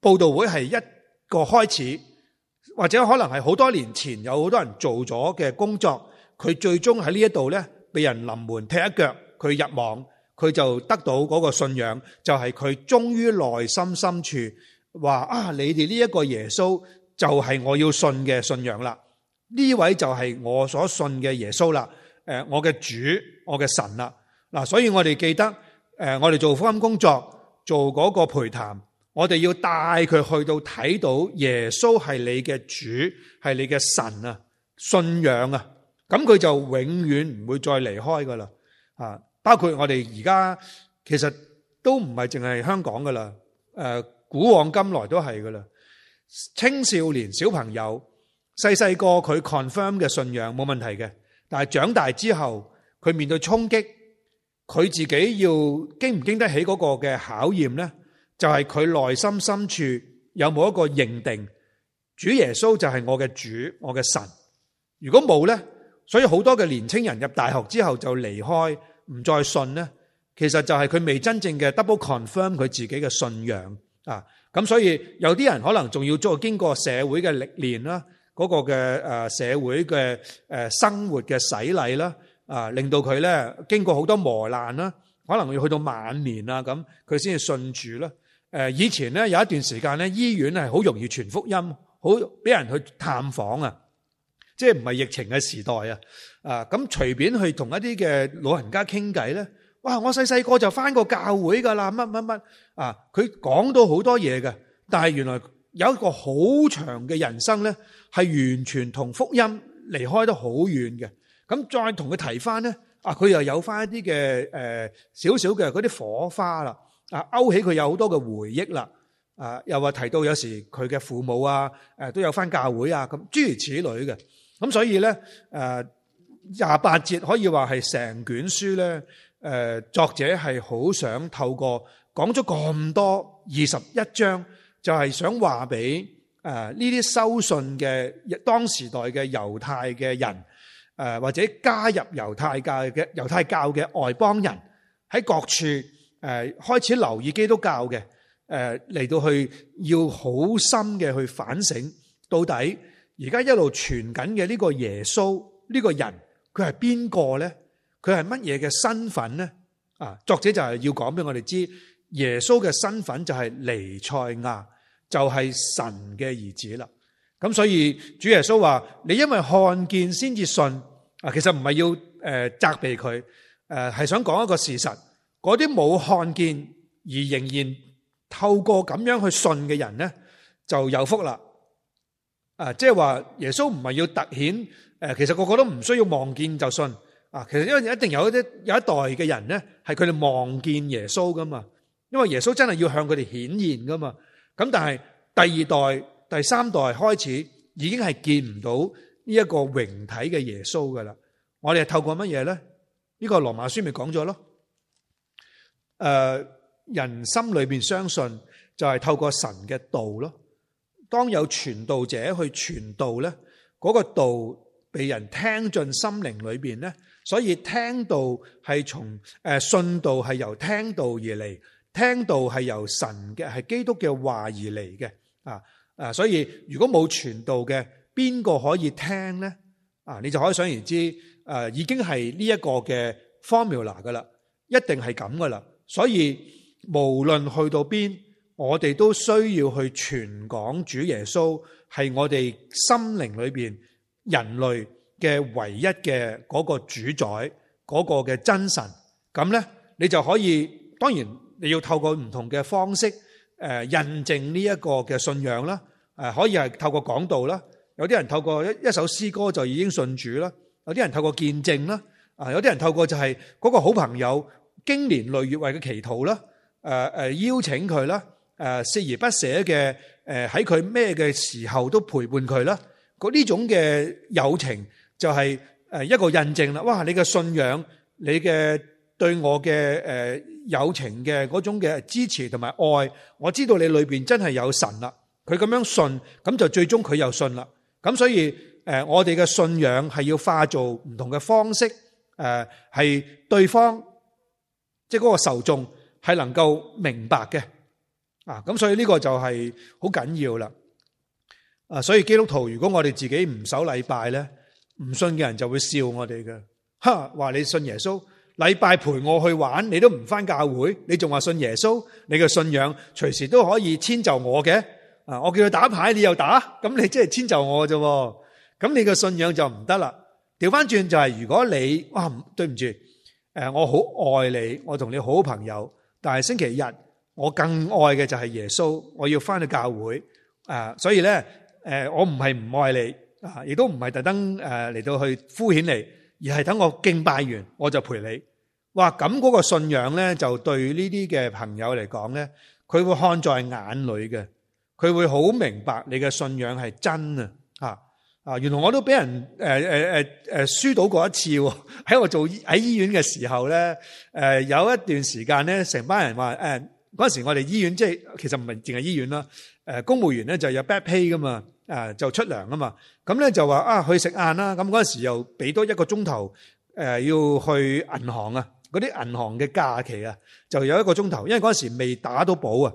報道會係一個開始，或者可能係好多年前有好多人做咗嘅工作，佢最終喺呢一度呢，被人臨門踢一腳，佢入網，佢就得到嗰個信仰，就係佢終於內心深處話啊，你哋呢一個耶穌就係我要信嘅信仰啦，呢位就係我所信嘅耶穌啦，誒，我嘅主，我嘅神啦。嗱，所以我哋記得，誒，我哋做福音工作，做嗰個陪談，我哋要帶佢去到睇到耶穌係你嘅主，係你嘅神啊，信仰啊，咁佢就永遠唔會再離開㗎喇，啊，包括我哋而家其實都唔係淨係香港㗎喇，誒，古往今來都係㗎喇，青少年小朋友細細個佢 confirm 嘅信仰冇問題嘅，但係長大之後佢面對衝擊。佢自己要經唔經得起嗰個嘅考驗呢？就係佢內心深處有冇一個認定主耶穌就係我嘅主，我嘅神。如果冇呢，所以好多嘅年青人入大學之後就離開，唔再信呢，其實就係佢未真正嘅 double confirm 佢自己嘅信仰啊。咁所以有啲人可能仲要再經過社會嘅歷練啦，嗰個嘅誒社會嘅誒生活嘅洗禮啦。啊，令到佢咧經過好多磨難啦，可能要去到晚年啦，咁佢先至信主啦。誒，以前咧有一段時間咧，醫院係好容易傳福音，好俾人去探訪啊，即係唔係疫情嘅時代啊。啊，咁隨便去同一啲嘅老人家傾偈咧，哇！我細細個就翻過教會噶啦，乜乜乜啊，佢講到好多嘢嘅。但係原來有一個好長嘅人生咧，係完全同福音離開得好遠嘅。咁再同佢提翻咧，啊，佢又有翻一啲嘅，誒，少少嘅嗰啲火花啦，啊，勾起佢有好多嘅回憶啦，啊，又話提到有時佢嘅父母啊，誒，都有翻教會啊，咁諸如此類嘅，咁所以咧，誒，廿八節可以話係成卷書咧，誒，作者係好想透過講咗咁多二十一章，就係想話俾誒呢啲收信嘅當時代嘅猶太嘅人。誒，或者加入猶太教嘅猶太教嘅外邦人喺各處，誒，開始留意基督教嘅，誒，嚟到去要好深嘅去反省，到底而家一路傳緊嘅呢個耶穌呢個人佢係邊個咧？佢係乜嘢嘅身份咧？啊，作者就係要講俾我哋知耶穌嘅身份就係彌賽亞，就係神嘅兒子啦。咁所以主耶穌話：你因為看見先至信啊，其實唔係要誒責備佢，誒係想講一個事實。嗰啲冇看見而仍然透過咁樣去信嘅人咧，就有福啦。啊，即係話耶穌唔係要凸顯誒，其實個個都唔需要望見就信啊。其實因為一定有一啲有一代嘅人咧，係佢哋望見耶穌噶嘛，因為耶穌真係要向佢哋顯現噶嘛。咁但係第二代。第三代開始已經係見唔到呢一個榮體嘅耶穌噶啦，我哋係透過乜嘢咧？呢個羅馬書咪講咗咯。誒、呃，人心裏邊相信就係透過神嘅道咯。當有傳道者去傳道咧，嗰個道被人聽進心靈裏邊咧，所以聽道係從誒、呃、信道係由聽道而嚟，聽道係由神嘅係基督嘅話而嚟嘅啊。啊，所以如果冇傳道嘅，邊個可以聽呢？啊，你就可以想而知，誒，已經係呢一個嘅 formula 噶啦，一定係咁噶啦。所以無論去到邊，我哋都需要去傳講主耶穌係我哋心靈裏邊人類嘅唯一嘅嗰個主宰，嗰個嘅真神。咁呢，你就可以，當然你要透過唔同嘅方式。誒印證呢一個嘅信仰啦，誒可以係透過講道啦，有啲人透過一一首詩歌就已經信主啦，有啲人透過見證啦，啊有啲人透過就係嗰個好朋友經年累月為佢祈禱啦，誒誒邀請佢啦，誒捨而不捨嘅誒喺佢咩嘅時候都陪伴佢啦，嗰呢種嘅友情就係誒一個印證啦，哇，你嘅信仰，你嘅對我嘅誒。友情嘅嗰種嘅支持同埋愛，我知道你裏邊真係有神啦。佢咁樣信，咁就最終佢又信啦。咁所以誒，我哋嘅信仰係要化做唔同嘅方式，誒，係對方即係嗰個受眾係能夠明白嘅啊。咁所以呢個就係好緊要啦。啊，所以基督徒如果我哋自己唔守禮拜咧，唔信嘅人就會笑我哋嘅，哈，話你信耶穌。禮拜陪我去玩，你都唔翻教會，你仲話信耶穌？你嘅信仰隨時都可以遷就我嘅啊！我叫佢打牌，你又打，咁你即係遷就我啫。咁你嘅信仰就唔得啦。調翻轉就係，如果你啊，對唔住，誒，我好愛你，我同你好好朋友，但係星期日我更愛嘅就係耶穌，我要翻去教會啊。所以咧，誒，我唔係唔愛你啊，亦都唔係特登誒嚟到去敷衍你。而係等我敬拜完，我就陪你。哇！咁、那、嗰個信仰咧，就對呢啲嘅朋友嚟講咧，佢會看在眼裏嘅，佢會好明白你嘅信仰係真啊！嚇啊！原來我都俾人誒誒誒誒輸到過一次喎！喺、啊、我做喺醫院嘅時候咧，誒、啊、有一段時間咧，成班人話誒嗰時我哋醫院即係其實唔係淨係醫院啦、啊，公務員咧就有 back pay 噶嘛。誒，就出糧啊嘛，咁咧就話啊去食晏啦，咁嗰陣時又俾多一個鐘頭，誒要去銀行啊，嗰啲銀行嘅假期啊，就有一個鐘頭，因為嗰陣時未打到簿啊，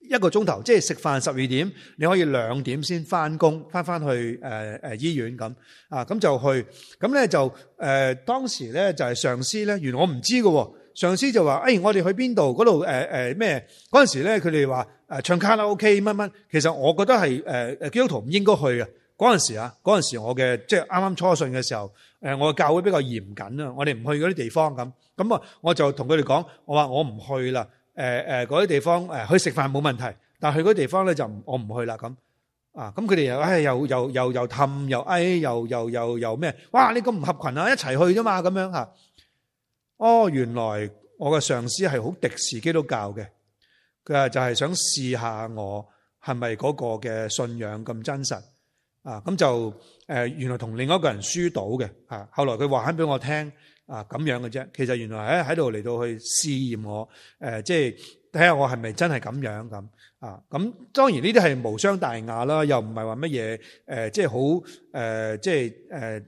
一個鐘頭即係食飯十二點，你可以兩點先翻工，翻翻去誒誒醫院咁，啊咁就去，咁咧就誒、呃、當時咧就係上司咧，原來我唔知噶。啊上司就話：誒，我哋去邊度？嗰度誒誒咩？嗰陣時咧，佢哋話誒唱卡拉 OK 乜乜。其實我覺得係誒誒基督徒唔應該去啊。嗰陣時啊，嗰陣時我嘅即係啱啱初信嘅時候，誒我嘅教會比較嚴謹啊，我哋唔去嗰啲地方咁。咁啊，我就同佢哋講，我話我唔去啦。誒誒嗰啲地方誒去食飯冇問題，但係去嗰啲地方咧就我唔去啦咁。啊，咁佢哋又唉又又又又氹又嗌又又又又咩？哇！你咁唔合群啊，一齊去啫嘛咁樣嚇。哦，原來我嘅上司係好敵視基督教嘅，佢話就係想試下我係咪嗰個嘅信仰咁真實啊？咁、嗯、就誒、呃，原來同另外一個人輸到嘅啊，後來佢話翻俾我聽啊，咁樣嘅啫。其實原來喺喺度嚟到去試驗我，誒、呃，即係睇下我係咪真係咁樣咁啊？咁、嗯、當然呢啲係無傷大雅啦，又唔係話乜嘢誒，即係好誒，即係誒。呃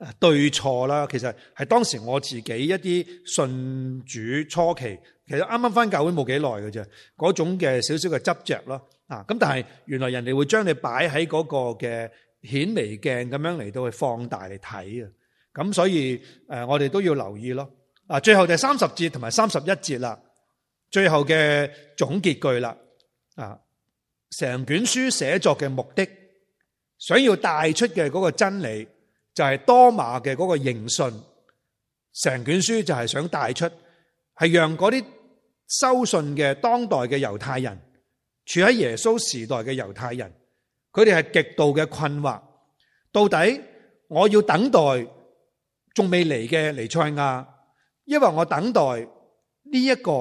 誒，對錯啦，其實係當時我自己一啲信主初期，其實啱啱返教會冇幾耐嘅啫，嗰種嘅少少嘅執着咯，啊，咁但係原來人哋會將你擺喺嗰個嘅顯微鏡咁樣嚟到去放大嚟睇啊，咁所以誒，我哋都要留意咯。啊，最後就係三十節同埋三十一節啦，最後嘅總結句啦，啊，成卷書寫作嘅目的，想要帶出嘅嗰個真理。就係多馬嘅嗰個認信，成卷書就係想帶出，係讓嗰啲收信嘅當代嘅猶太人，處喺耶穌時代嘅猶太人，佢哋係極度嘅困惑，到底我要等待仲未嚟嘅彌賽亞，因為我等待呢、這、一個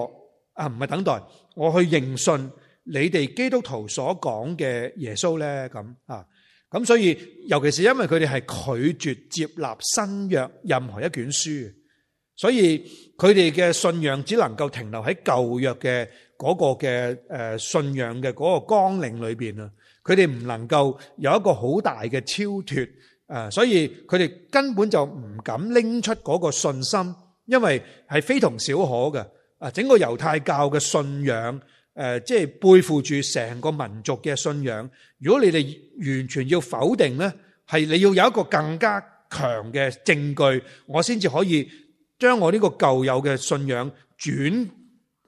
啊，唔係等待，我去認信你哋基督徒所講嘅耶穌咧，咁啊。咁所以，尤其是因為佢哋係拒絕接納新約任何一卷書，所以佢哋嘅信仰只能夠停留喺舊約嘅嗰個嘅信仰嘅嗰個綱領裏面。啊！佢哋唔能夠有一個好大嘅超脫，所以佢哋根本就唔敢拎出嗰個信心，因為係非同小可嘅啊！整個猶太教嘅信仰。誒，即係背負住成個民族嘅信仰。如果你哋完全要否定咧，係你要有一個更加強嘅證據，我先至可以將我呢個舊有嘅信仰轉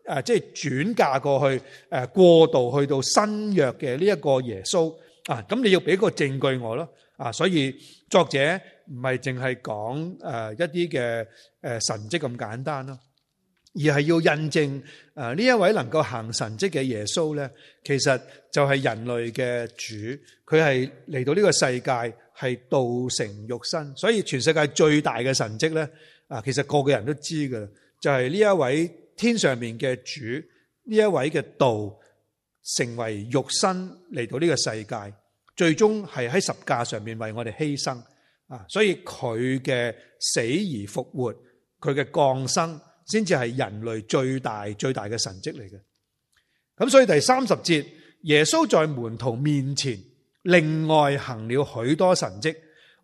誒，即係轉嫁過去誒，過渡去到新約嘅呢一個耶穌啊。咁你要俾個證據我咯啊。所以作者唔係淨係講誒一啲嘅誒神跡咁簡單咯。而係要印證，誒呢一位能夠行神蹟嘅耶穌咧，其實就係人類嘅主，佢係嚟到呢個世界係道成肉身，所以全世界最大嘅神蹟咧，啊其實個個人都知噶啦，就係呢一位天上面嘅主，呢一位嘅道成為肉身嚟到呢個世界，最終係喺十架上面為我哋犧牲啊，所以佢嘅死而復活，佢嘅降生，先至係人類最大最大嘅神蹟嚟嘅，咁所以第三十節，耶穌在門徒面前另外行了許多神蹟，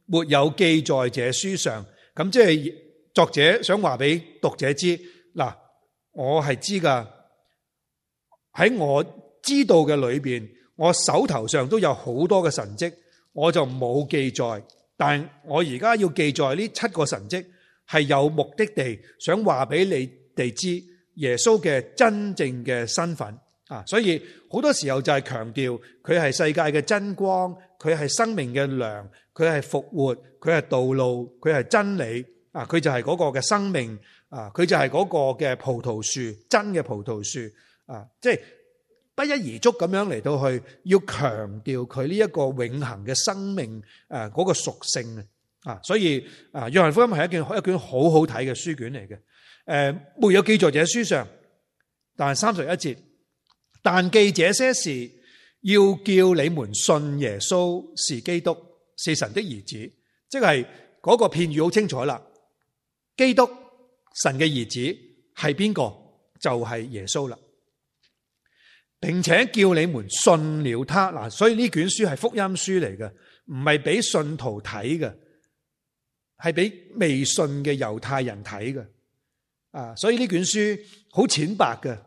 沒有記載這書上。咁即係作者想話俾讀者知，嗱，我係知噶，喺我知道嘅裏邊，我手頭上都有好多嘅神蹟，我就冇記載，但我而家要記載呢七個神蹟。係有目的地想話俾你哋知耶穌嘅真正嘅身份啊！所以好多時候就係強調佢係世界嘅真光，佢係生命嘅糧，佢係復活，佢係道路，佢係真理啊！佢就係嗰個嘅生命啊！佢就係嗰個嘅葡萄樹，真嘅葡萄樹啊！即係不一而足咁樣嚟到去要強調佢呢一個永恒嘅生命誒嗰個屬性啊，所以啊，約翰福音係一件一卷很好好睇嘅書卷嚟嘅。誒，沒有記載者書上，但係三十一節，但記這些事，要叫你們信耶穌是基督，是神的兒子。即係嗰個片語好清楚啦。基督，神嘅兒子係邊個？就係耶穌啦。並且叫你們信了他嗱，所以呢卷書係福音書嚟嘅，唔係俾信徒睇嘅。係俾未信嘅猶太人睇嘅，啊！所以呢卷書好淺白嘅。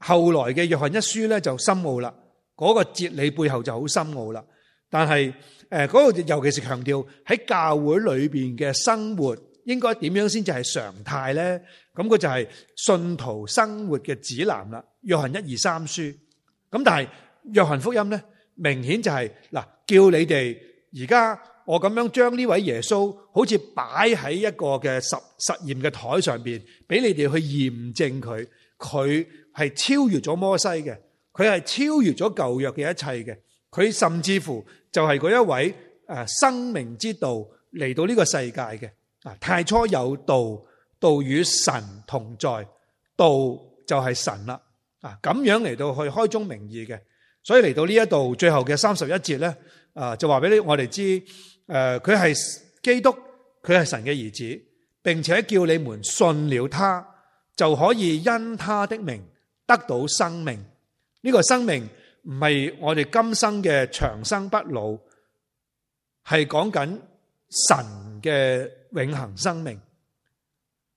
後來嘅約翰一書咧就深奧啦，嗰個哲理背後就好深奧啦。但係誒，嗰個尤其是強調喺教會裏邊嘅生活應該點樣先至係常態咧？咁佢就係信徒生活嘅指南啦。約翰一二三書咁，但係約翰福音咧，明顯就係嗱，叫你哋而家。我咁樣將呢位耶穌，好似擺喺一個嘅實實驗嘅台上邊，俾你哋去驗證佢。佢係超越咗摩西嘅，佢係超越咗舊約嘅一切嘅。佢甚至乎就係嗰一位誒生命之道嚟到呢個世界嘅。啊，太初有道，道與神同在，道就係神啦。啊，咁樣嚟到去開宗明義嘅。所以嚟到呢一度最後嘅三十一節咧，啊，就話俾你我哋知。誒，佢係基督，佢係神嘅兒子，並且叫你們信了他，就可以因他的名得到生命。呢個生命唔係我哋今生嘅長生不老，係講緊神嘅永恆生命。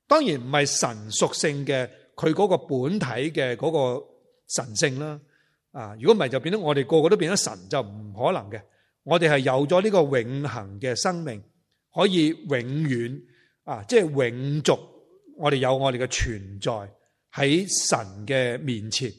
當然唔係神屬性嘅，佢嗰個本體嘅嗰個神性啦。啊，如果唔係就變咗我哋個個都變咗神，就唔可能嘅。我哋係有咗呢個永恒嘅生命，可以永遠啊，即係永續。我哋有我哋嘅存在喺神嘅面前，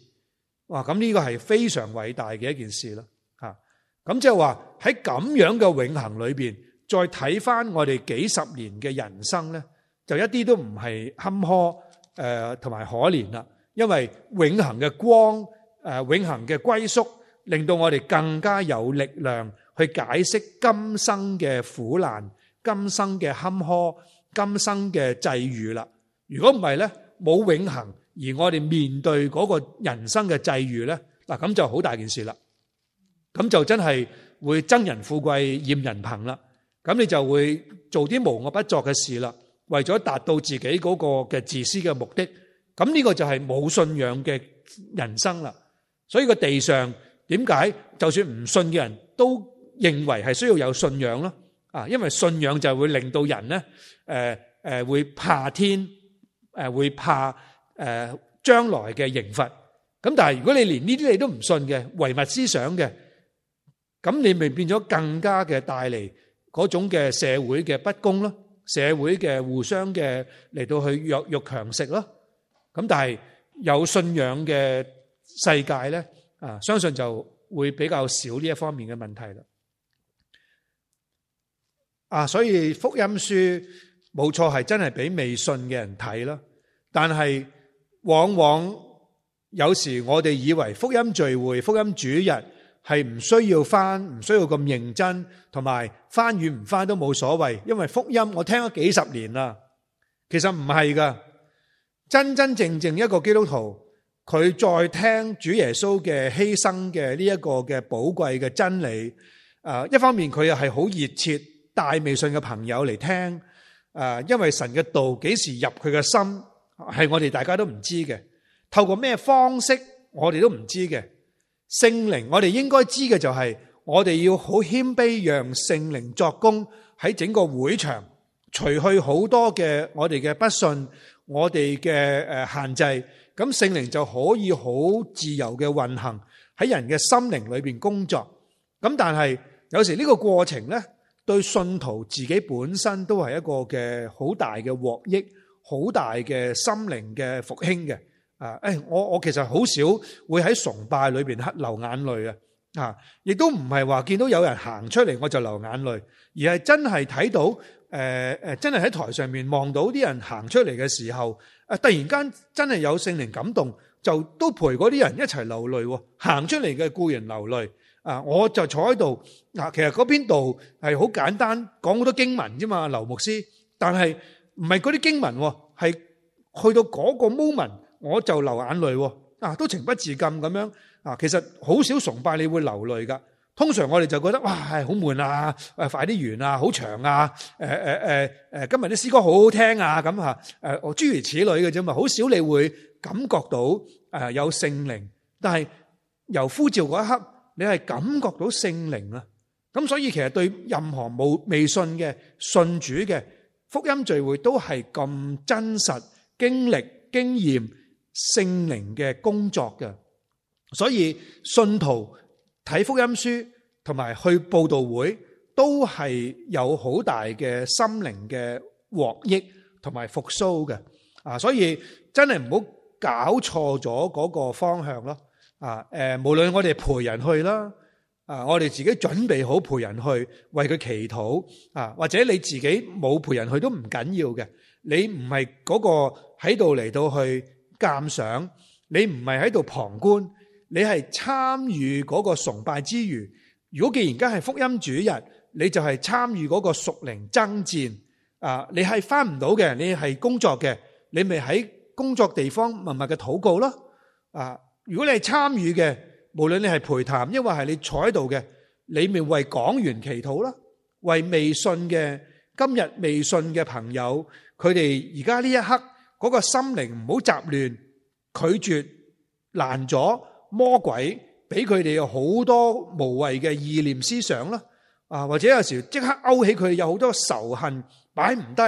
哇！咁呢個係非常偉大嘅一件事啦。吓，咁即係話喺咁樣嘅永恒裏邊，再睇返我哋幾十年嘅人生咧，就一啲都唔係坎坷誒，同埋可憐啦。因為永恒嘅光誒，永恒嘅歸宿，令到我哋更加有力量。去解釋今生嘅苦難、今生嘅坎坷、今生嘅際遇啦。如果唔係咧，冇永恒，而我哋面對嗰個人生嘅際遇咧，嗱咁就好大件事啦。咁就真係會憎人富貴、厭人貧啦。咁你就會做啲無惡不作嘅事啦，為咗達到自己嗰個嘅自私嘅目的。咁呢個就係冇信仰嘅人生啦。所以個地上點解就算唔信嘅人都？認為係需要有信仰咯，啊，因為信仰就會令到人咧，誒誒會怕天，誒會怕誒將來嘅刑罰。咁但係如果你連呢啲你都唔信嘅唯物思想嘅，咁你咪變咗更加嘅帶嚟嗰種嘅社會嘅不公咯，社會嘅互相嘅嚟到去弱肉強食咯。咁但係有信仰嘅世界咧，啊，相信就會比較少呢一方面嘅問題啦。啊，所以福音書冇錯係真係俾未信嘅人睇啦，但係往往有時我哋以為福音聚會、福音主日係唔需要翻，唔需要咁認真，同埋翻與唔翻都冇所謂，因為福音我聽咗幾十年啦，其實唔係噶，真真正正一個基督徒佢再聽主耶穌嘅犧牲嘅呢一個嘅寶貴嘅真理，啊，一方面佢又係好熱切。大未信嘅朋友嚟聽，誒，因為神嘅道幾時入佢嘅心，係我哋大家都唔知嘅。透過咩方式，我哋都唔知嘅。聖靈，我哋應該知嘅就係、是，我哋要好謙卑，讓聖靈作工喺整個會場，除去好多嘅我哋嘅不信，我哋嘅誒限制，咁聖靈就可以好自由嘅運行喺人嘅心靈裏邊工作。咁但係有時呢個過程咧，對信徒自己本身都係一個嘅好大嘅獲益，好大嘅心靈嘅復興嘅，哎。啊，誒，我我其實好少會喺崇拜裏邊流眼淚啊。啊，亦都唔係話見到有人行出嚟我就流眼淚，而係真係睇到誒誒，呃，真係喺台上面望到啲人行出嚟嘅時候，啊，突然間真係有聖靈感動，就都陪嗰啲人一齊流淚。行出嚟嘅固然流淚。啊！我就坐喺度嗱，其實嗰邊度係好簡單，講好多經文啫嘛，劉牧師。但係唔係嗰啲經文，係去到嗰個 moment，我就流眼淚，啊，都情不自禁咁樣。啊，其實好少崇拜你會流淚噶。通常我哋就覺得哇，好悶啊，誒，快啲完啊，好長啊，誒誒誒誒，今日啲詩歌好好聽啊，咁啊，誒，諸如此類嘅啫嘛。好少你會感覺到誒有聖靈，但係由呼召嗰一刻。你係感覺到聖靈啦，咁所以其實對任何冇未信嘅信主嘅福音聚會都係咁真實經歷經驗聖靈嘅工作嘅，所以信徒睇福音書同埋去佈道會都係有好大嘅心靈嘅獲益同埋復甦嘅，啊，所以真係唔好搞錯咗嗰個方向咯。啊，誒，無論我哋陪人去啦，啊，我哋自己準備好陪人去，為佢祈禱啊，或者你自己冇陪人去都唔緊要嘅。你唔係嗰個喺度嚟到去鑑賞，你唔係喺度旁觀，你係參與嗰個崇拜之餘，如果既然家係福音主日，你就係參與嗰個屬靈爭戰啊！你係翻唔到嘅，你係工作嘅，你咪喺工作地方默默嘅禱告咯，啊！如果你係參與嘅，無論你係陪談，因為係你坐喺度嘅，你咪為講員祈禱啦，為未信嘅今日未信嘅朋友，佢哋而家呢一刻嗰、嗰個心靈唔好雜亂，拒絕爛咗魔鬼，俾佢哋有好多無謂嘅意念思想啦，啊，或者有時即刻勾起佢有好多仇恨擺唔低，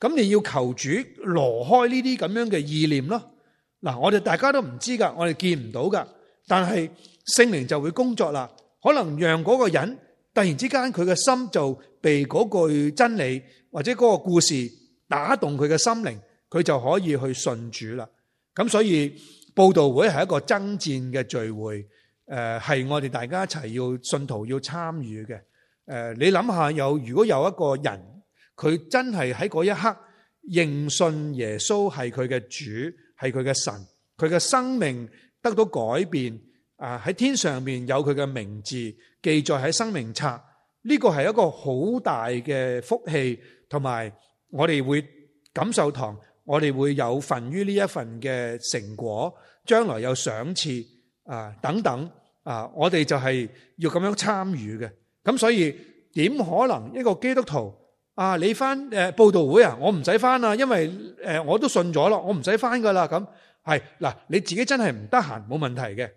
咁你要求主挪開呢啲咁樣嘅意念咯。嗱，我哋大家都唔知噶，我哋見唔到噶，但係聖靈就會工作啦，可能讓嗰個人突然之間佢嘅心就被嗰句真理或者嗰個故事打動佢嘅心靈，佢就可以去信主啦。咁所以布道會係一個爭戰嘅聚會，誒，係我哋大家一齊要信徒要參與嘅。誒，你諗下有如果有一個人佢真係喺嗰一刻認信耶穌係佢嘅主。係佢嘅神，佢嘅生命得到改變啊！喺天上面有佢嘅名字記載喺生命冊，呢個係一個好大嘅福氣，同埋我哋會感受堂，我哋會有份於呢一份嘅成果，將來有賞賜啊等等啊！我哋就係要咁樣參與嘅，咁所以點可能一個基督徒？啊！你翻，誒、呃、報道會啊？我唔使翻啦，因為誒、呃、我都信咗咯，我唔使翻噶啦。咁係嗱，你自己真係唔得閒，冇問題嘅。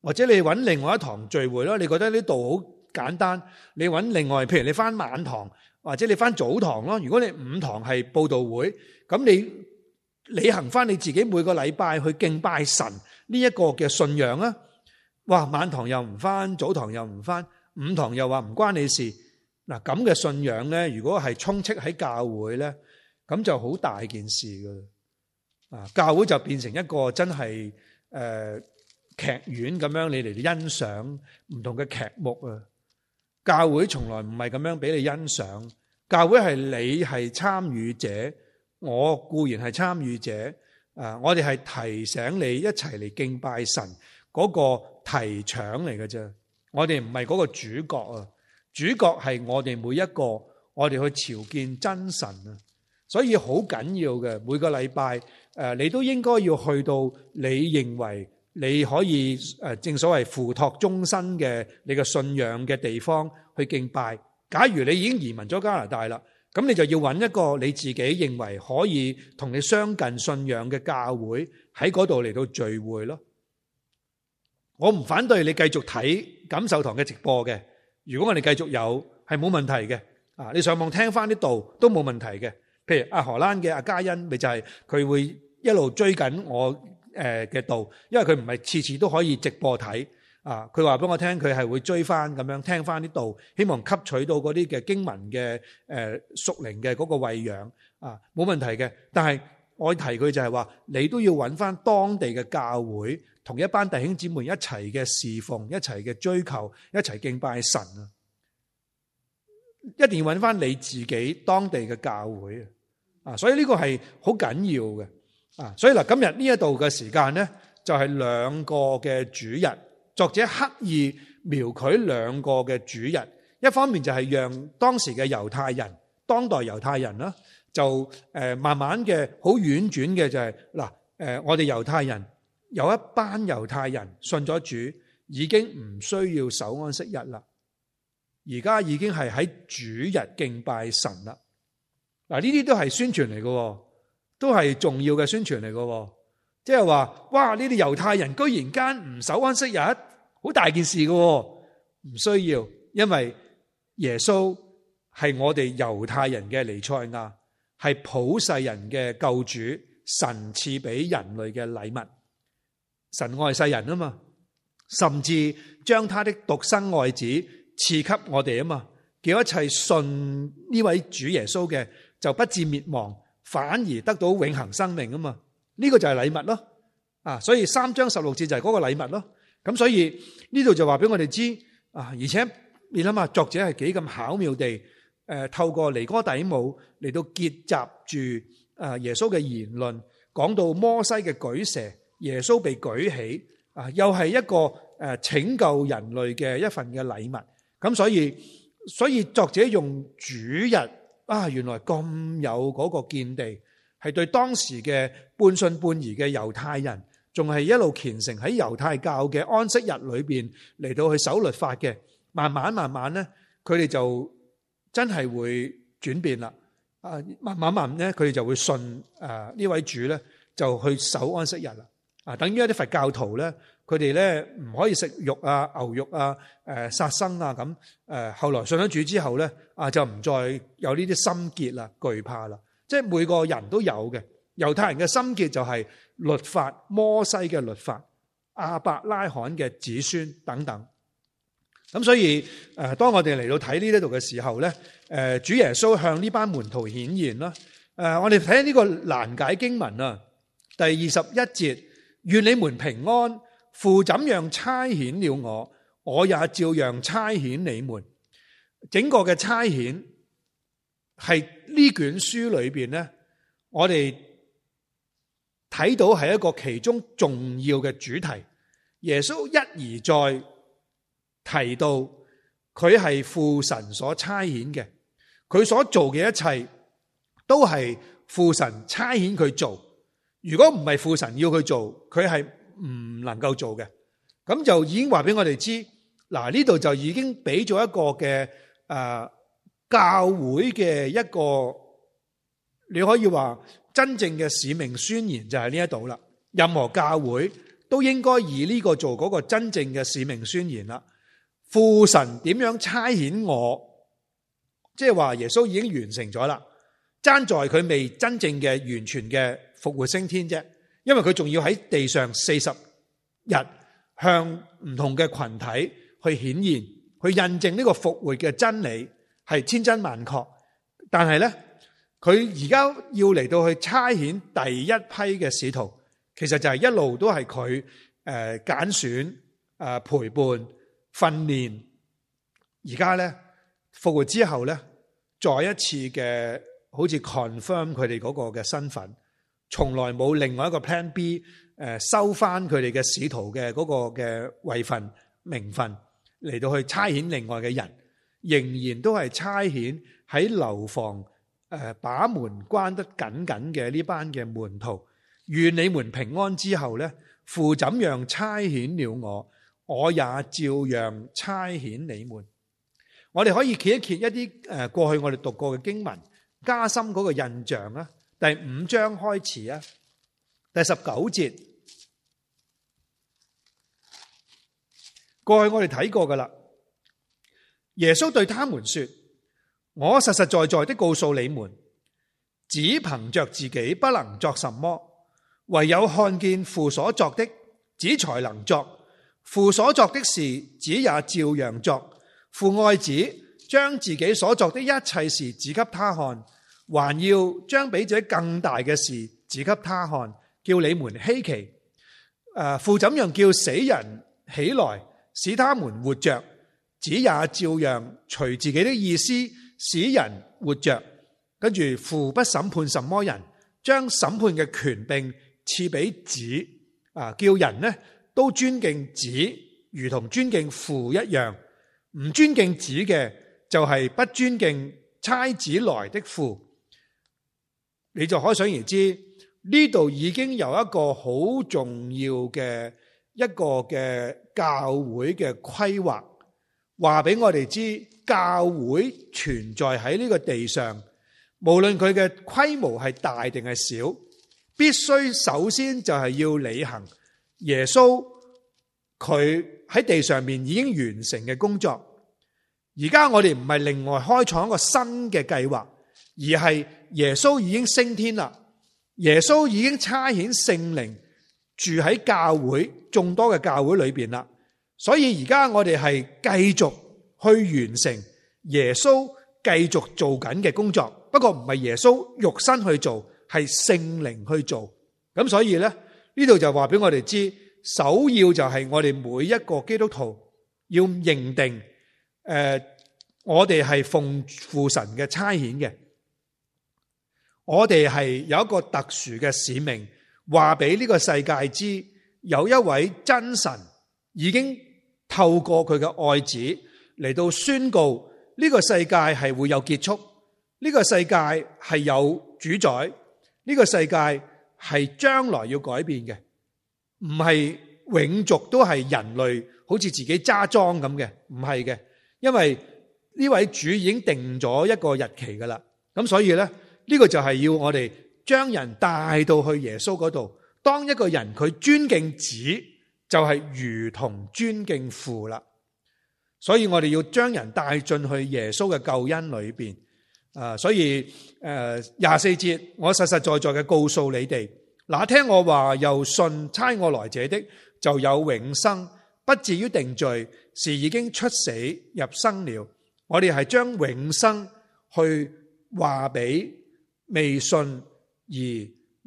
或者你揾另外一堂聚會咯。你覺得呢度好簡單？你揾另外，譬如你翻晚堂或者你翻早堂咯。如果你午堂係報道會，咁你履行翻你自己每個禮拜去敬拜神呢一個嘅信仰啊！哇，晚堂又唔翻，早堂又唔翻，午堂又話唔關你事。嗱，咁嘅信仰咧，如果係充斥喺教會咧，咁就好大件事噶啦。啊，教會就變成一個真係誒、呃、劇院咁樣，你嚟欣賞唔同嘅劇目啊。教會從來唔係咁樣俾你欣賞，教會係你係參與者，我固然係參與者。呃、我哋係提醒你一齊嚟敬拜神嗰個提場嚟嘅啫，我哋唔係嗰個主角啊。主角係我哋每一個，我哋去朝見真神啊！所以好緊要嘅，每個禮拜誒，你都應該要去到你認為你可以誒，正所謂付託終身嘅你嘅信仰嘅地方去敬拜。假如你已經移民咗加拿大啦，咁你就要揾一個你自己認為可以同你相近信仰嘅教會喺嗰度嚟到聚會咯。我唔反對你繼續睇感受堂嘅直播嘅。如果我哋繼續有係冇問題嘅，啊，你上網聽翻啲道都冇問題嘅。譬如阿荷蘭嘅阿嘉欣，咪就係佢會一路追緊我誒嘅道，因為佢唔係次次都可以直播睇啊。佢話俾我聽，佢係會追翻咁樣聽翻啲道，希望吸取到嗰啲嘅經文嘅誒屬靈嘅嗰個餵養啊，冇問題嘅。但係，我提佢就係話，你都要搵翻當地嘅教會，同一班弟兄姊妹一齊嘅侍奉，一齊嘅追求，一齊敬拜神啊！一定要揾翻你自己當地嘅教會啊！所以呢個係好緊要嘅啊！所以嗱，今日呢一度嘅時間咧，就係兩個嘅主人，作者刻意描繪兩個嘅主人，一方面就係讓當時嘅猶太人，當代猶太人啦。就誒，慢慢嘅好婉轉嘅就係嗱，誒我哋猶太人，有一班猶太人信咗主，已經唔需要守安息日啦。而家已經係喺主日敬拜神啦。嗱，呢啲都係宣傳嚟嘅，都係重要嘅宣傳嚟嘅。即係話，哇，呢啲猶太人居然間唔守安息日，好大件事嘅，唔需要，因為耶穌係我哋猶太人嘅彌賽亞。係普世人嘅救主，神賜俾人類嘅禮物。神愛世人啊嘛，甚至將他的獨生愛子賜給我哋啊嘛。叫一切信呢位主耶穌嘅，就不致滅亡，反而得到永恆生命啊嘛。呢個就係禮物咯。啊，所以三章十六節就係嗰個禮物咯。咁所以呢度就話俾我哋知啊，而且你諗下作者係幾咁巧妙地。誒，透過尼哥底母嚟到結集住誒耶穌嘅言論，講到摩西嘅舉蛇，耶穌被舉起啊，又係一個誒拯救人類嘅一份嘅禮物。咁所以所以作者用主日啊，原來咁有嗰個見地，係對當時嘅半信半疑嘅猶太人，仲係一路虔誠喺猶太教嘅安息日裏邊嚟到去守律法嘅，慢慢慢慢咧，佢哋就。真係會轉變啦，啊，慢慢慢咧，佢哋就會信啊呢位主咧，就去守安息日啦。啊，等於一啲佛教徒咧，佢哋咧唔可以食肉啊、牛肉啊、誒、呃、殺生啊咁。誒、呃，後來信咗主之後咧，啊就唔再有呢啲心結啦、懼怕啦。即係每個人都有嘅，猶太人嘅心結就係律法、摩西嘅律法、亞伯拉罕嘅子孫等等。咁所以，誒當我哋嚟到睇呢一度嘅時候咧，誒主耶穌向呢班門徒顯現啦，誒我哋睇呢個難解經文啊，第二十一節，願你們平安。父怎樣差遣了我，我也照樣差遣你們。整個嘅差遣係呢卷書裏邊咧，我哋睇到係一個其中重要嘅主題。耶穌一而再。提到佢係父神所差遣嘅，佢所做嘅一切都係父神差遣佢做。如果唔係父神要佢做，佢係唔能夠做嘅。咁就已經話俾我哋知，嗱，呢度就已經俾咗一個嘅誒、啊、教會嘅一個，你可以話真正嘅使命宣言就係呢一度啦。任何教會都應該以呢個做嗰個真正嘅使命宣言啦。父神點樣差遣我？即係話耶穌已經完成咗啦，爭在佢未真正嘅完全嘅復活升天啫，因為佢仲要喺地上四十日向唔同嘅群體去顯現，去印證呢個復活嘅真理係千真萬確。但係咧，佢而家要嚟到去差遣第一批嘅使徒，其實就係一路都係佢誒揀選誒、呃、陪伴。訓練，而家咧，復活之後咧，再一次嘅好似 confirm 佢哋嗰個嘅身份，從來冇另外一個 plan B，誒、啊、收翻佢哋嘅使徒嘅嗰個嘅位份名份，嚟到去差遣另外嘅人，仍然都係差遣喺樓房誒、啊、把門關得緊緊嘅呢班嘅門徒，願你們平安之後咧，父怎樣差遣了我。我也照樣差遣你們。我哋可以揭一揭一啲誒過去我哋讀過嘅經文，加深嗰個印象啦。第五章開始啊，第十九節過去我哋睇過噶啦。耶穌對他們說：我實實在在的告訴你們，只憑着自己不能作什麼，唯有看見父所作的，只才能作。父所作的事，子也照樣作。父愛子，將自己所作的一切事指給他看，還要將比這更大嘅事指給他看，叫你們稀奇。誒，父怎樣叫死人起來，使他們活着，子也照樣隨自己的意思使人活着。跟住父不審判什麼人，將審判嘅權柄賜俾子。啊，叫人呢？都尊敬子，如同尊敬父一樣。唔尊敬子嘅，就係不尊敬差子來的父。你就可想而知，呢度已經有一個好重要嘅一個嘅教會嘅規劃，話俾我哋知，教會存在喺呢個地上，無論佢嘅規模係大定係小，必須首先就係要履行。耶穌佢喺地上面已經完成嘅工作，而家我哋唔係另外開創一個新嘅計劃，而係耶穌已經升天啦，耶穌已經差遣聖靈住喺教會眾多嘅教會裏邊啦，所以而家我哋係繼續去完成耶穌繼續做緊嘅工作，不過唔係耶穌肉身去做，係聖靈去做，咁所以呢。呢度就話俾我哋知，首要就係我哋每一個基督徒要認定，誒，我哋係奉父神嘅差遣嘅，我哋係有一個特殊嘅使命，話俾呢個世界知，有一位真神已經透過佢嘅愛子嚟到宣告，呢個世界係會有結束，呢個世界係有主宰，呢個世界。這個世界係將來要改變嘅，唔係永續都係人類好似自己揸莊咁嘅，唔係嘅，因為呢位主已經定咗一個日期噶啦，咁所以呢，呢個就係要我哋將人帶到去耶穌嗰度，當一個人佢尊敬子，就係如同尊敬父啦，所以我哋要將人帶進去耶穌嘅救恩裏邊。啊，所以誒廿四節，我實實在在嘅告訴你哋，嗱，聽我話又信差我來者的就有永生，不至於定罪，是已經出死入生了。我哋係將永生去話俾未信而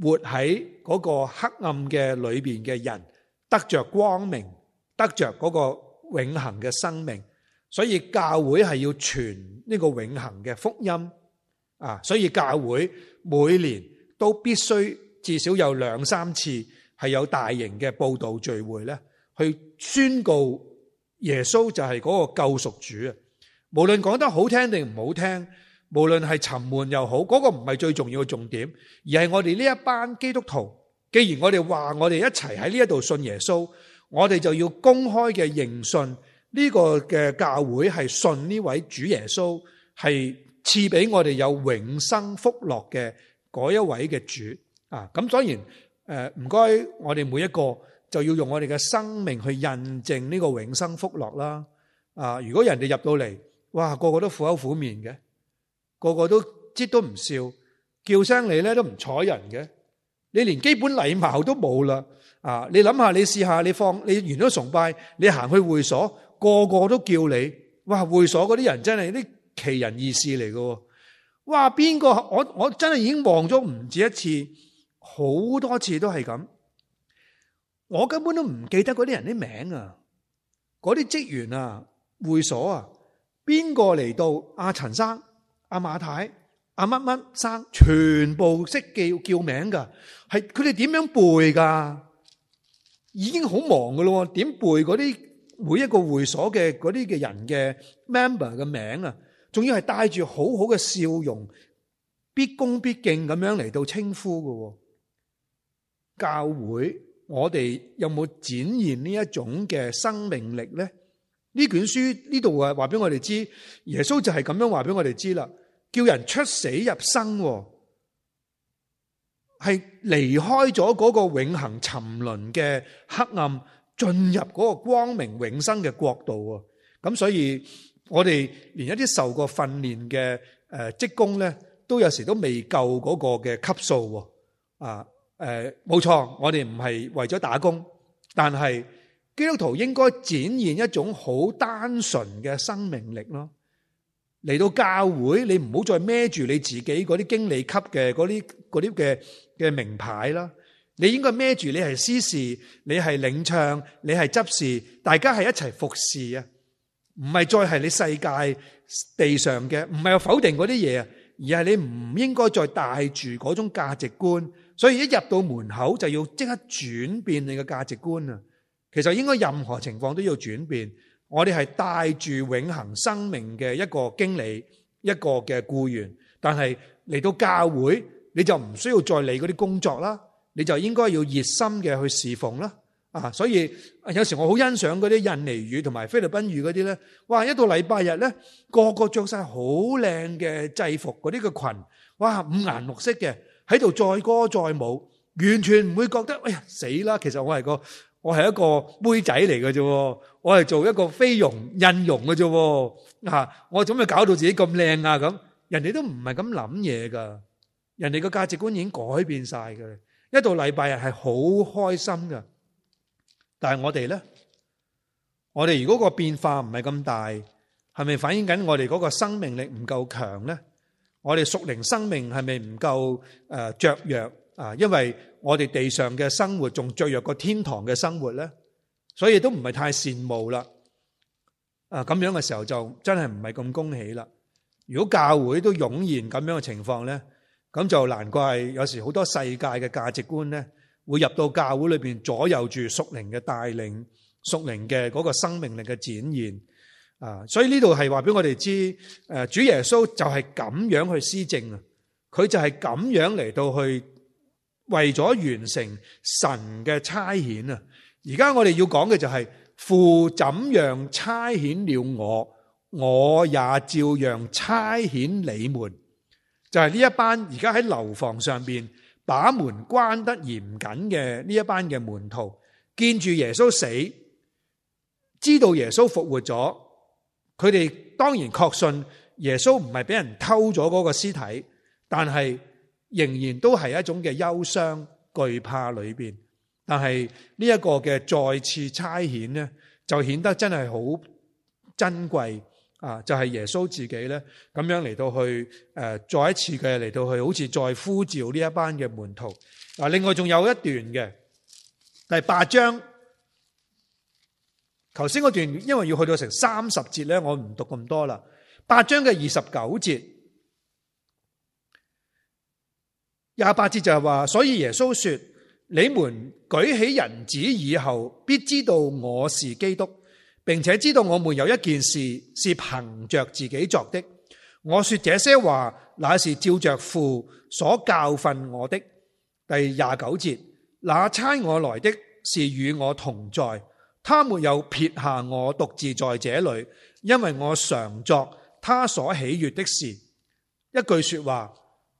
活喺嗰個黑暗嘅裏邊嘅人，得着光明，得着嗰個永恆嘅生命。所以，教會是要傳這個永恆的福音，啊，所以，教會每年都必須至少有兩三次是有大型的佈道聚會呢，去宣告耶穌就是那個救贖主。無論講得好聽，定唔好聽，無論是沉悶又好，嗰個唔係最重要的重點，而是我們這一班基督徒，既然我們話我們一起在這裏信耶穌，我們就要公開的認信，呢個嘅教會係信呢位主耶穌，係賜俾我哋有永生福樂嘅嗰一位嘅主啊！咁當然，誒唔該，我哋每一個就要用我哋嘅生命去印證呢個永生福樂啦！啊，如果人哋入到嚟，哇，個個都苦口苦面嘅，個個都知都唔笑，叫聲你咧都唔睬人嘅，你連基本禮貌都冇啦！啊，你諗下，你試下，你放你完咗崇拜，你行去會所。個個都叫你，哇！會所嗰啲人真係啲奇人異士嚟噶，哇！邊個，我我真係已經忘咗唔止一次，好多次都係咁，我根本都唔記得嗰啲人啲名啊，嗰啲職員啊，會所啊，邊個嚟到？阿陳生、阿馬太、阿乜乜生，全部識叫叫名噶，係佢哋點樣背噶？已經好忙噶咯，點背嗰啲？每一個會所嘅嗰啲嘅人嘅 member 嘅名啊，仲要係帶住好好嘅笑容，必恭必敬咁樣嚟到稱呼嘅教會。我哋有冇展現呢一種嘅生命力咧？呢卷書呢度啊，話俾我哋知，耶穌就係咁樣話俾我哋知啦，叫人出死入生，係離開咗嗰個永恆沉淪嘅黑暗。進入嗰個光明永生嘅國度喎。咁所以我哋連一啲受過訓練嘅誒職工咧，都有時都未夠嗰個嘅級數啊！誒，冇錯，我哋唔係為咗打工，但係基督徒應該展現一種好單純嘅生命力咯。嚟到教會，你唔好再孭住你自己嗰啲經理級嘅嗰啲嗰啲嘅嘅名牌啦。你應該孭住你係司事，你係領唱，你係執事，大家係一齊服侍。啊！唔係再係你世界地上嘅，唔係有否定嗰啲嘢，啊，而係你唔應該再帶住嗰種價值觀。所以一入到門口就要即刻轉變你嘅價值觀啊！其實應該任何情況都要轉變。我哋係帶住永恆生命嘅一個經理，一個嘅僱員，但係嚟到教會你就唔需要再理嗰啲工作啦。你就應該要熱心嘅去侍奉啦，啊！所以有時我好欣賞嗰啲印尼語同埋菲律賓語嗰啲咧，哇！一到禮拜日咧，個個著曬好靚嘅制服，嗰啲嘅裙，哇！五顏六色嘅喺度載歌載舞，完全唔會覺得，哎呀死啦！其實我係個，我係一個妹仔嚟嘅啫，我係做一個菲傭印傭嘅啫，啊！我點解搞到自己咁靚啊？咁人哋都唔係咁諗嘢噶，人哋嘅價值觀已經改變曬嘅。一到禮拜日係好開心噶但係我哋咧，我哋如果個變化唔係咁大，係咪反映緊我哋嗰個生命力唔夠強咧？我哋屬靈生命係咪唔夠誒雀躍啊？因為我哋地上嘅生活仲雀躍過天堂嘅生活咧，所以都唔係太羨慕啦。啊，咁樣嘅時候就真係唔係咁恭喜啦。如果教會都湧現咁樣嘅情況咧？咁就，難怪，有時好多世界嘅價值觀咧，會入到教會裏面左右住屬靈嘅帶領，屬靈嘅嗰個生命力嘅展現。所以呢度係話俾我哋知，主耶穌就係咁樣去施政，佢就係咁樣嚟到去，為咗完成神嘅差遣。而家我哋要講嘅就係，父怎樣差遣了我，我也照樣差遣你們。就係呢一班而家喺樓房上邊把門關得嚴謹嘅呢一班嘅門徒，見住耶穌死，知道耶穌復活咗，佢哋當然確信耶穌唔係俾人偷咗嗰個屍體，但係仍然都係一種嘅憂傷、懼怕裏邊。但係呢一個嘅再次差遣呢，就顯得真係好珍貴。啊，就係耶穌自己咧，咁樣嚟到去誒，再一次嘅嚟到去，好似再呼召呢一班嘅門徒。嗱，另外仲有一段嘅，第八章。頭先嗰段，因為要去到成三十節咧，我唔讀咁多啦。八章嘅二十九節、廿八節就係話，所以耶穌說：你們舉起人子以後，必知道我是基督。並且知道我們有一件事是憑着自己作的，我說這些話，乃是照着父所教訓我的。第廿九節，那差我來的是與我同在，他沒有撇下我獨自在這裡，因為我常作他所喜悦的事。一句說話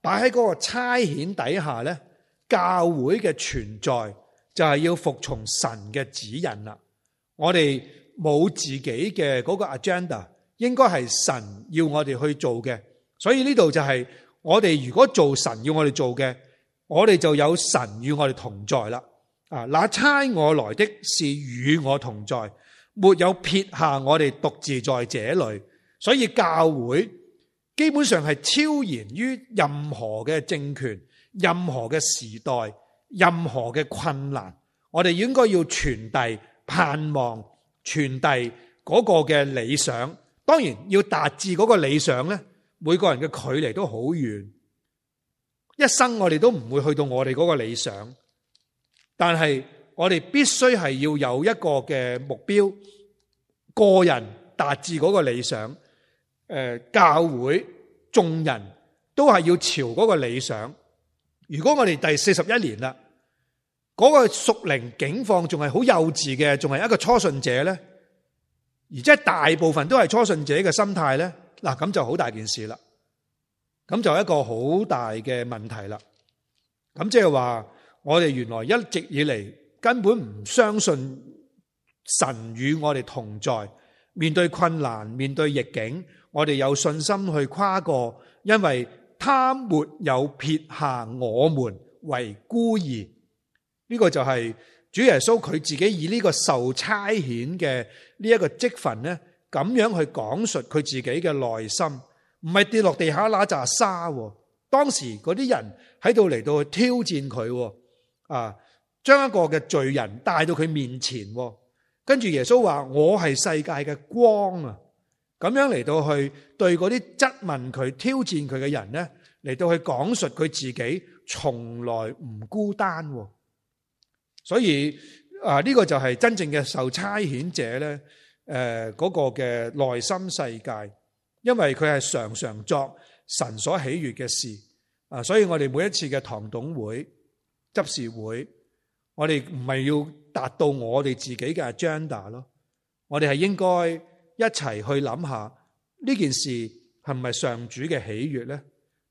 擺喺嗰個差遣底下呢，教會嘅存在就係要服從神嘅指引啦。我哋。冇自己嘅嗰個 agenda，應該係神要我哋去做嘅，所以呢度就係我哋如果做神要我哋做嘅，我哋就有神與我哋同在啦。啊，那差我來的是與我同在，沒有撇下我哋獨自在這裏。所以教會基本上係超然於任何嘅政權、任何嘅時代、任何嘅困難，我哋應該要傳遞盼望。傳遞嗰個嘅理想，當然要達至嗰個理想呢，每個人嘅距離都好遠，一生我哋都唔會去到我哋嗰個理想，但係我哋必須係要有一個嘅目標，個人達至嗰個理想，誒教會眾人，都係要朝嗰個理想。如果我哋第四十一年啦。嗰個屬靈警況仲係好幼稚嘅，仲係一個初信者呢，而即係大部分都係初信者嘅心態呢。嗱，咁就好大件事啦，咁就一個好大嘅問題啦。咁即係話，我哋原來一直以嚟根本唔相信神與我哋同在，面對困難、面對逆境，我哋有信心去跨過，因為他沒有撇下我們為孤兒。呢個就係主耶穌佢自己以呢個受差遣嘅呢一個職份咧，咁樣去講述佢自己嘅內心，唔係跌落地下嗱扎沙。當時嗰啲人喺度嚟到去挑戰佢，啊，將一個嘅罪人帶到佢面前，跟住耶穌話：我係世界嘅光啊！咁樣嚟到去對嗰啲質問佢、挑戰佢嘅人咧，嚟到去講述佢自己從來唔孤單啊。所以啊，呢個就係真正嘅受差遣者咧，誒，嗰個嘅內心世界，因為佢係常常作神所喜悦嘅事啊，所以我哋每一次嘅堂董會、執事會，我哋唔係要達到我哋自己嘅 agenda 咯，我哋係應該一齊去諗下呢件事係唔係上主嘅喜悦咧？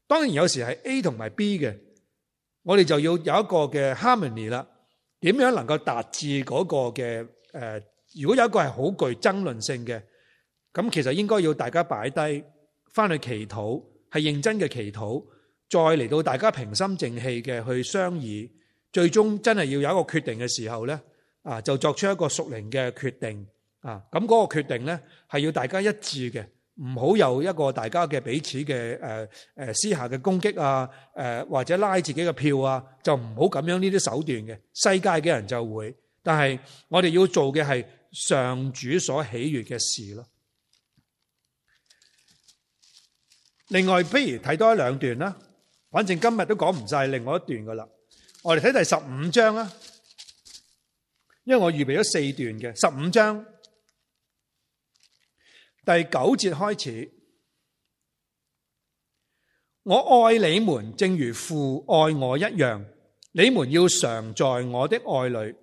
當然有時係 A 同埋 B 嘅，我哋就要有一個嘅 harmony 啦。點樣能夠達至嗰個嘅？誒，如果有一個係好具爭論性嘅，咁其實應該要大家擺低，返去祈禱，係認真嘅祈禱，再嚟到大家平心靜氣嘅去商議，最終真係要有一個決定嘅時候呢，啊，就作出一個屬靈嘅決定，啊，咁嗰個決定呢，係要大家一致嘅。唔好有一個大家嘅彼此嘅誒誒私下嘅攻擊啊誒或者拉自己嘅票啊就唔好咁樣呢啲手段嘅。世界嘅人就會，但係我哋要做嘅係上主所喜悦嘅事咯。另外，不如睇多一兩段啦，反正今日都講唔晒另外一段噶啦。我哋睇第十五章啦，因為我預備咗四段嘅，十五章。第九節開始，我愛你們，正如父愛我一樣。你們要常在我的愛裏。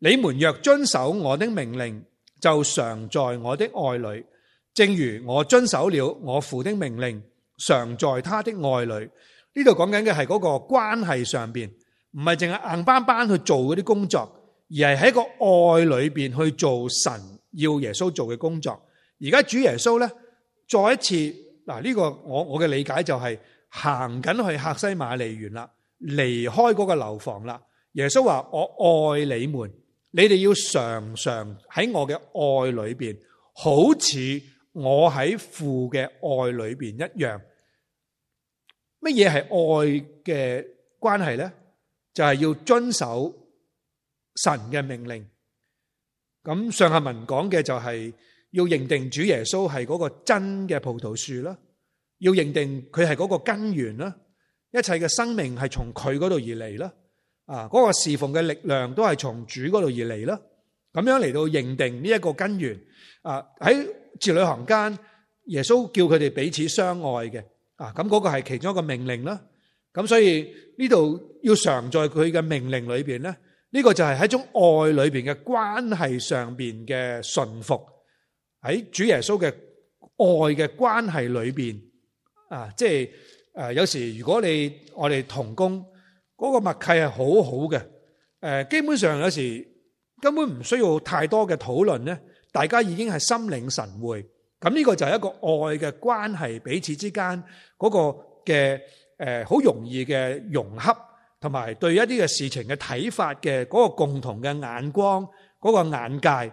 你們若遵守我的命令，就常在我的愛裏。正如我遵守了我父的命令，常在他的愛裏。呢度講緊嘅係嗰個關係上邊，唔係淨係硬邦邦去做嗰啲工作，而係喺個愛裏邊去做神要耶穌做嘅工作。而家主耶穌咧，再一次嗱，呢個我我嘅理解就係行緊去客西馬尼園啦，離開嗰個樓房啦。耶穌話：我愛你們，你哋要常常喺我嘅愛裏邊，好似我喺父嘅愛裏邊一樣。乜嘢係愛嘅關係咧？就係要遵守神嘅命令。咁上下文講嘅就係。要認定主耶穌係嗰個真嘅葡萄樹啦，要認定佢係嗰個根源啦，一切嘅生命係從佢嗰度而嚟啦，啊，嗰個侍奉嘅力量都係從主嗰度而嚟啦，咁樣嚟到認定呢一個根源啊，喺字裏行間，耶穌叫佢哋彼此相愛嘅啊，咁嗰個係其中一個命令啦，咁所以呢度要常在佢嘅命令裏邊咧，呢個就係喺一種愛裏邊嘅關係上邊嘅順服。喺主耶穌嘅愛嘅關係裏邊啊，即係誒，有時如果你我哋同工嗰個默契係好好嘅，誒，基本上有時根本唔需要太多嘅討論咧，大家已經係心領神會。咁呢個就係一個愛嘅關係，彼此之間嗰個嘅誒，好容易嘅融洽，同埋對一啲嘅事情嘅睇法嘅嗰個共同嘅眼光，嗰個眼界。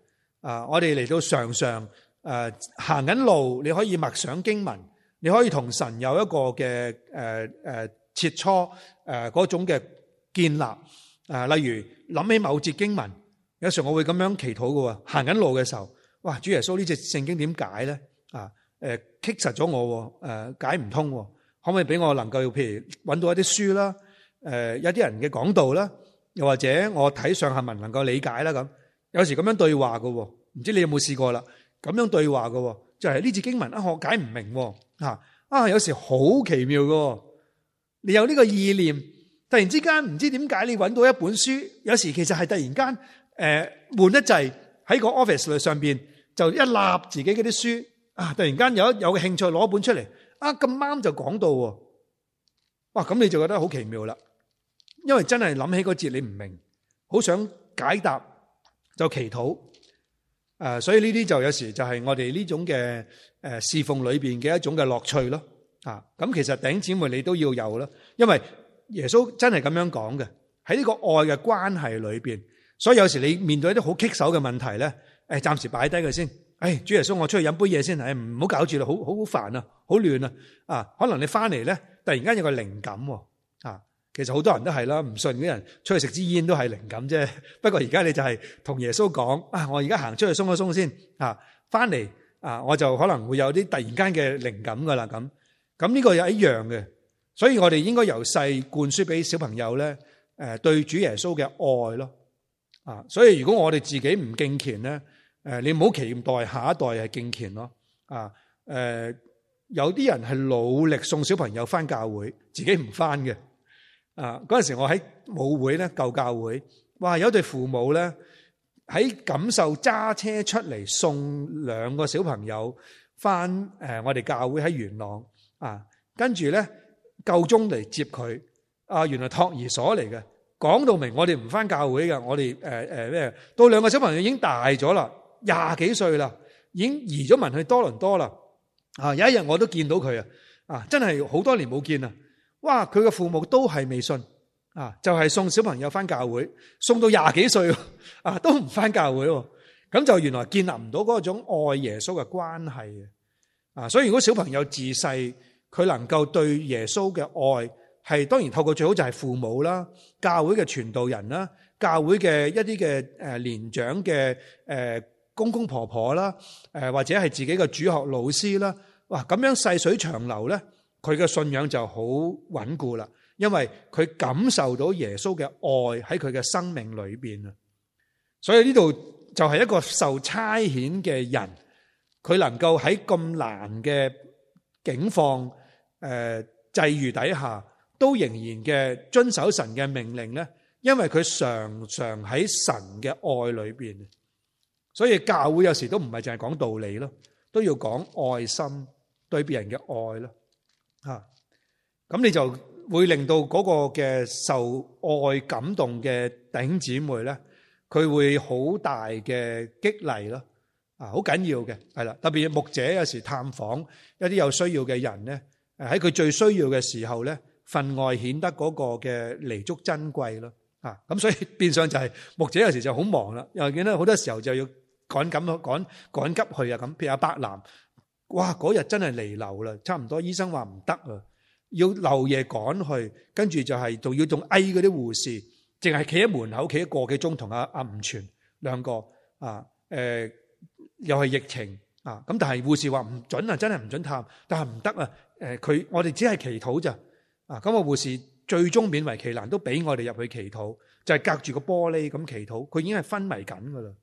啊！我哋嚟到常常，誒行緊路，你可以默想經文，你可以同神有一個嘅誒、啊啊、切磋，誒、啊、嗰種嘅建立。啊，例如諗起某節經文，有時我會咁樣祈禱嘅喎。行、啊、緊路嘅時候，哇！主耶穌呢隻聖經點解咧？啊誒棘實咗我，誒、啊、解唔通，啊、可唔可以俾我能夠譬如搵到一啲書啦，誒、啊、有啲人嘅講道啦，又、啊、或者我睇上下文能夠理解啦咁。有時咁樣對話嘅，唔知你有冇試過啦？咁樣對話嘅，就係呢節經文一學解唔明吓啊！有時好奇妙喎。你有呢個意念，突然之間唔知點解你搵到一本書。有時其實係突然間誒悶得滯喺個 office 裏上邊，就一立自己嗰啲書啊，突然間有有興趣攞本出嚟，啊，咁啱就講到喎。哇、啊！咁你就覺得好奇妙啦，因為真係諗起嗰節你唔明，好想解答。就祈禱，誒，所以呢啲就有時就係我哋呢種嘅誒侍奉裏邊嘅一種嘅樂趣咯，啊，咁其實頂姊妹你都要有啦，因為耶穌真係咁樣講嘅，喺呢個愛嘅關係裏邊，所以有時你面對一啲好棘手嘅問題咧，誒，暫時擺低佢先，誒，主耶穌，我出去飲杯嘢先，誒，唔好搞住啦，好好煩啊，好亂啊，啊，可能你翻嚟咧，突然間有個靈感喎。其實好多人都係啦，唔信啲人出去食支煙都係靈感啫。不過而家你就係同耶穌講啊，我而家行出去鬆一鬆先吓，翻嚟啊，我就可能會有啲突然間嘅靈感噶啦咁。咁呢、呢個又一樣嘅，所以我哋應該由細灌輸俾小朋友咧，誒、啊、對主耶穌嘅愛咯啊。所以如果我哋自己唔敬虔咧，誒、啊、你唔好期待下一代係敬虔咯啊。誒、啊、有啲人係努力送小朋友翻教會，自己唔翻嘅。啊！嗰陣時我喺舞會咧，舊教會，哇！有一對父母咧喺錦繡揸車出嚟送兩個小朋友翻，誒、呃，我哋教會喺元朗啊，跟住咧夠鐘嚟接佢。啊，原來托兒所嚟嘅，講到明我哋唔翻教會嘅，我哋誒誒咩？到兩個小朋友已經大咗啦，廿幾歲啦，已經移咗民去多倫多啦。啊，有一日我都見到佢啊，啊，真係好多年冇見啦。哇！佢嘅父母都係未信啊，就係、是、送小朋友翻教會，送到廿幾歲啊都唔翻教會，咁就原來建立唔到嗰種愛耶穌嘅關係啊！所以如果小朋友自細佢能夠對耶穌嘅愛係，當然透過最好就係父母啦，教會嘅傳道人啦，教會嘅一啲嘅誒年長嘅誒公公婆婆啦，誒或者係自己嘅主學老師啦，哇！咁樣細水長流咧。佢嘅信仰就好穩固啦，因為佢感受到耶穌嘅愛喺佢嘅生命裏邊啊。所以呢度就係一個受差遣嘅人，佢能夠喺咁難嘅境況、誒際遇底下，都仍然嘅遵守神嘅命令咧。因為佢常常喺神嘅愛裏邊，所以教會有時都唔係淨係講道理咯，都要講愛心對別人嘅愛咯。啊，咁你就會令到嗰個嘅受愛感動嘅弟兄姊妹咧，佢會好大嘅激勵咯。啊，好緊要嘅係啦。特別牧者有時探訪一啲有需要嘅人咧，喺佢最需要嘅時候咧，份外顯得嗰個嘅彌足珍貴咯。啊，咁所以變相就係牧者有時就好忙啦，又見到好多時候就要趕咁趕趕急去啊，咁譬如阿伯南。哇！嗰日真係彌留啦，差唔多。醫生話唔得啊，要漏夜趕去，跟住就係仲要仲嗌嗰啲護士，淨係企喺門口企一個幾鐘同阿阿吳全兩個啊、呃、又係疫情啊咁，但係護士話唔準啊，真係唔準探，但係唔得啊誒，佢、呃、我哋只係祈禱咋。啊，咁個護士最終勉為其難都俾我哋入去祈禱，就係、是、隔住個玻璃咁祈禱，佢已經係昏迷緊㗎啦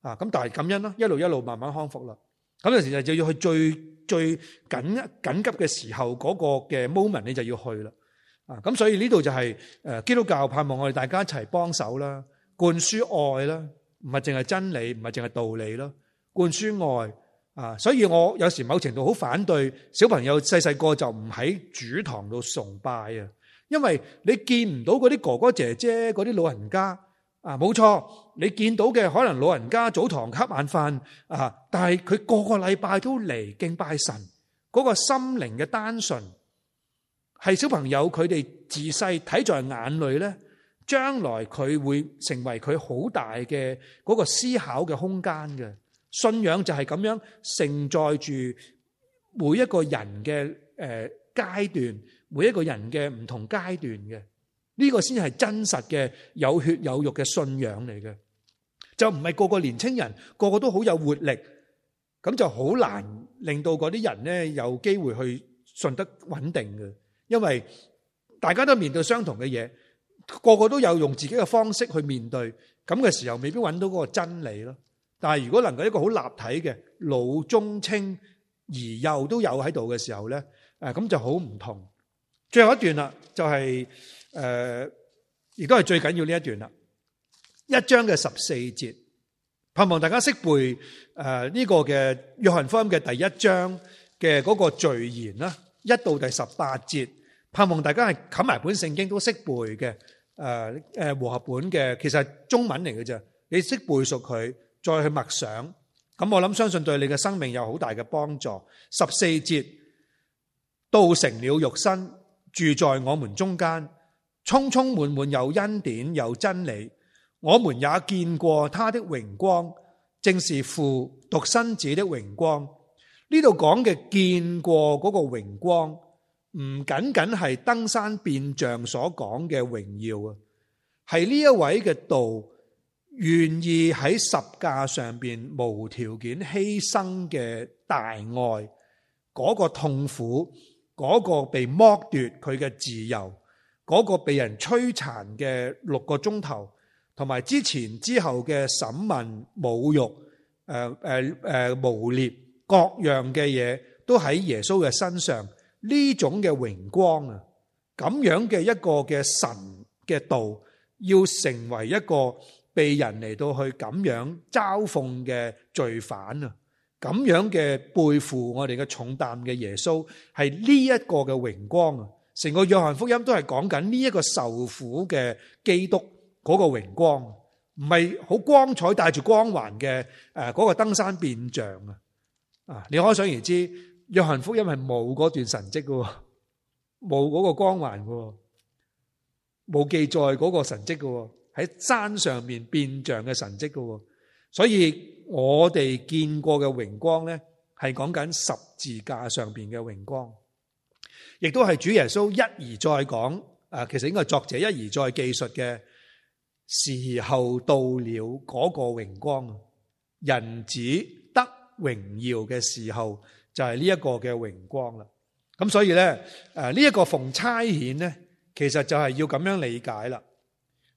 啊！咁但係咁樣咯，一路一路慢慢康復啦。咁有時就就要去最最緊緊急嘅時候嗰個嘅 moment，你就要去啦。啊，咁所以呢度就係誒基督教盼望我哋大家一齊幫手啦，灌輸愛啦，唔係淨係真理，唔係淨係道理咯，灌輸愛啊。所以我有時某程度好反對小朋友細細個就唔喺主堂度崇拜啊，因為你見唔到嗰啲哥哥姐姐、嗰啲老人家。啊，冇錯，你見到嘅可能老人家早堂黑晚飯啊，但係佢個個禮拜都嚟敬拜神，嗰個心靈嘅單純，係小朋友佢哋自細睇在眼裏咧，將來佢會成為佢好大嘅、嗰個思考嘅空間嘅信仰就是這樣，就係咁樣承載住每一個人嘅誒階段，每一個人嘅唔同階段嘅。呢個先係真實嘅，有血有肉嘅信仰嚟嘅。就唔係個個年輕人個個都好有活力，咁就好難令到嗰啲人咧，有機會去信得穩定嘅。因為大家都面對相同嘅嘢，個個都有用自己嘅方式去面對，咁嘅時候未必揾到嗰個真理咯。但係如果能夠一個好立體嘅老中青而幼都有喺度嘅時候咧，誒咁就好唔同。最後一段啦，就係。誒，亦都係最緊要呢一段啦，一章嘅十四節，盼望大家識背誒呢、呃這個嘅約翰福音嘅第一章嘅嗰個序言啦，一到第十八節，盼望大家係冚埋本聖經都識背嘅，誒誒和合本嘅其實係中文嚟嘅啫，你識背熟佢再去默想，咁我諗相信對你嘅生命有好大嘅幫助。十四節，道成了肉身，住在我們中間。充充滿滿有恩典有真理，我們也見過他的榮光，正是父獨生子的榮光。呢度講嘅見過嗰個榮光，唔僅僅係登山變像所講嘅榮耀啊，係呢一位嘅道願意喺十架上邊無條件犧牲嘅大愛，嗰個痛苦，嗰個被剝奪佢嘅自由。嗰個被人摧殘嘅六個鐘頭，同埋之前之後嘅審問、侮辱、誒誒誒污衊各樣嘅嘢，都喺耶穌嘅身上。呢種嘅榮光啊，咁樣嘅一個嘅神嘅道，要成為一個被人嚟到去咁樣嘲諷嘅罪犯啊，咁樣嘅背負我哋嘅重擔嘅耶穌，係呢一個嘅榮光啊！成個約翰福音都係講緊呢一個受苦嘅基督嗰個榮光，唔係好光彩帶住光環嘅誒嗰個登山變像啊！啊，你可想而知，約翰福音係冇嗰段神迹㗎喎，冇嗰個光環㗎喎，冇記載嗰個神迹㗎喎，喺山上面變像嘅神迹㗎喎。所以我哋見過嘅榮光咧，係講緊十字架上邊嘅榮光。亦都係主耶穌一而再講，其實應該作者一而再記述嘅時候到了嗰個榮光，人子得榮耀嘅時候就係呢一個嘅榮光啦。咁所以咧，誒呢一個逢差遣咧，其實就係要咁樣理解啦。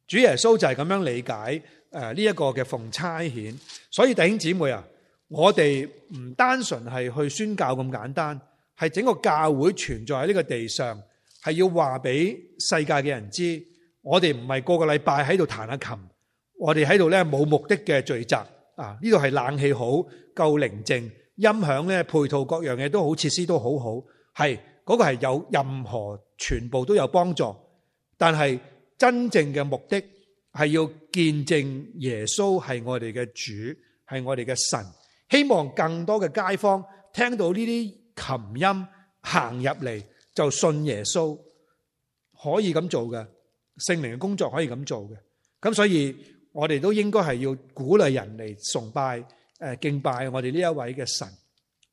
主耶穌就係咁樣理解誒呢一個嘅逢差遣，所以弟兄姊妹啊，我哋唔單純係去宣教咁簡單。係整個教會存在喺呢個地上，係要話俾世界嘅人知，我哋唔係個個禮拜喺度彈下琴，我哋喺度咧冇目的嘅聚集啊！呢度係冷氣好，夠寧靜，音響咧配套各樣嘢都好，設施都好好。係嗰個係有任何全部都有幫助，但係真正嘅目的係要見證耶穌係我哋嘅主，係我哋嘅神。希望更多嘅街坊聽到呢啲。琴音行入嚟就信耶穌，可以咁做嘅，聖靈嘅工作可以咁做嘅。咁所以我哋都應該係要鼓勵人嚟崇拜、誒敬拜我哋呢一位嘅神。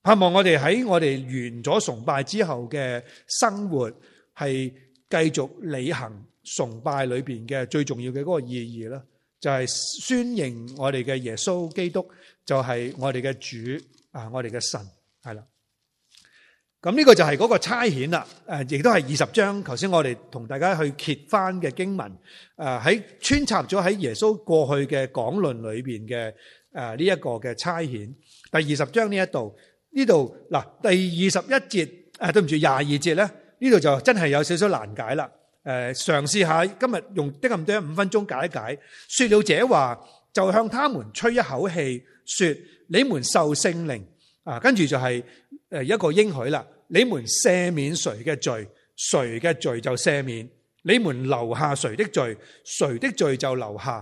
盼望我哋喺我哋完咗崇拜之後嘅生活，係繼續履行崇拜裏邊嘅最重要嘅嗰個意義啦，就係宣認我哋嘅耶穌基督就係我哋嘅主啊，我哋嘅神係啦。咁呢個就係嗰個差遣啦，誒，亦都係二十章。頭先我哋同大家去揭翻嘅經文，誒，喺穿插咗喺耶穌過去嘅講論裏邊嘅，誒，呢一個嘅差遣。第二十章呢一度，呢度嗱，第二十一節，誒，對唔住廿二節咧，呢度就真係有少少難解啦。誒，嘗試下今日用啲咁多五分鐘解一解。說了這話，就向他們吹一口氣，說你們受聖靈。啊，跟住就係。誒，一個應許啦！你們赦免誰嘅罪，誰嘅罪就赦免；你們留下誰的罪，誰的罪就留下。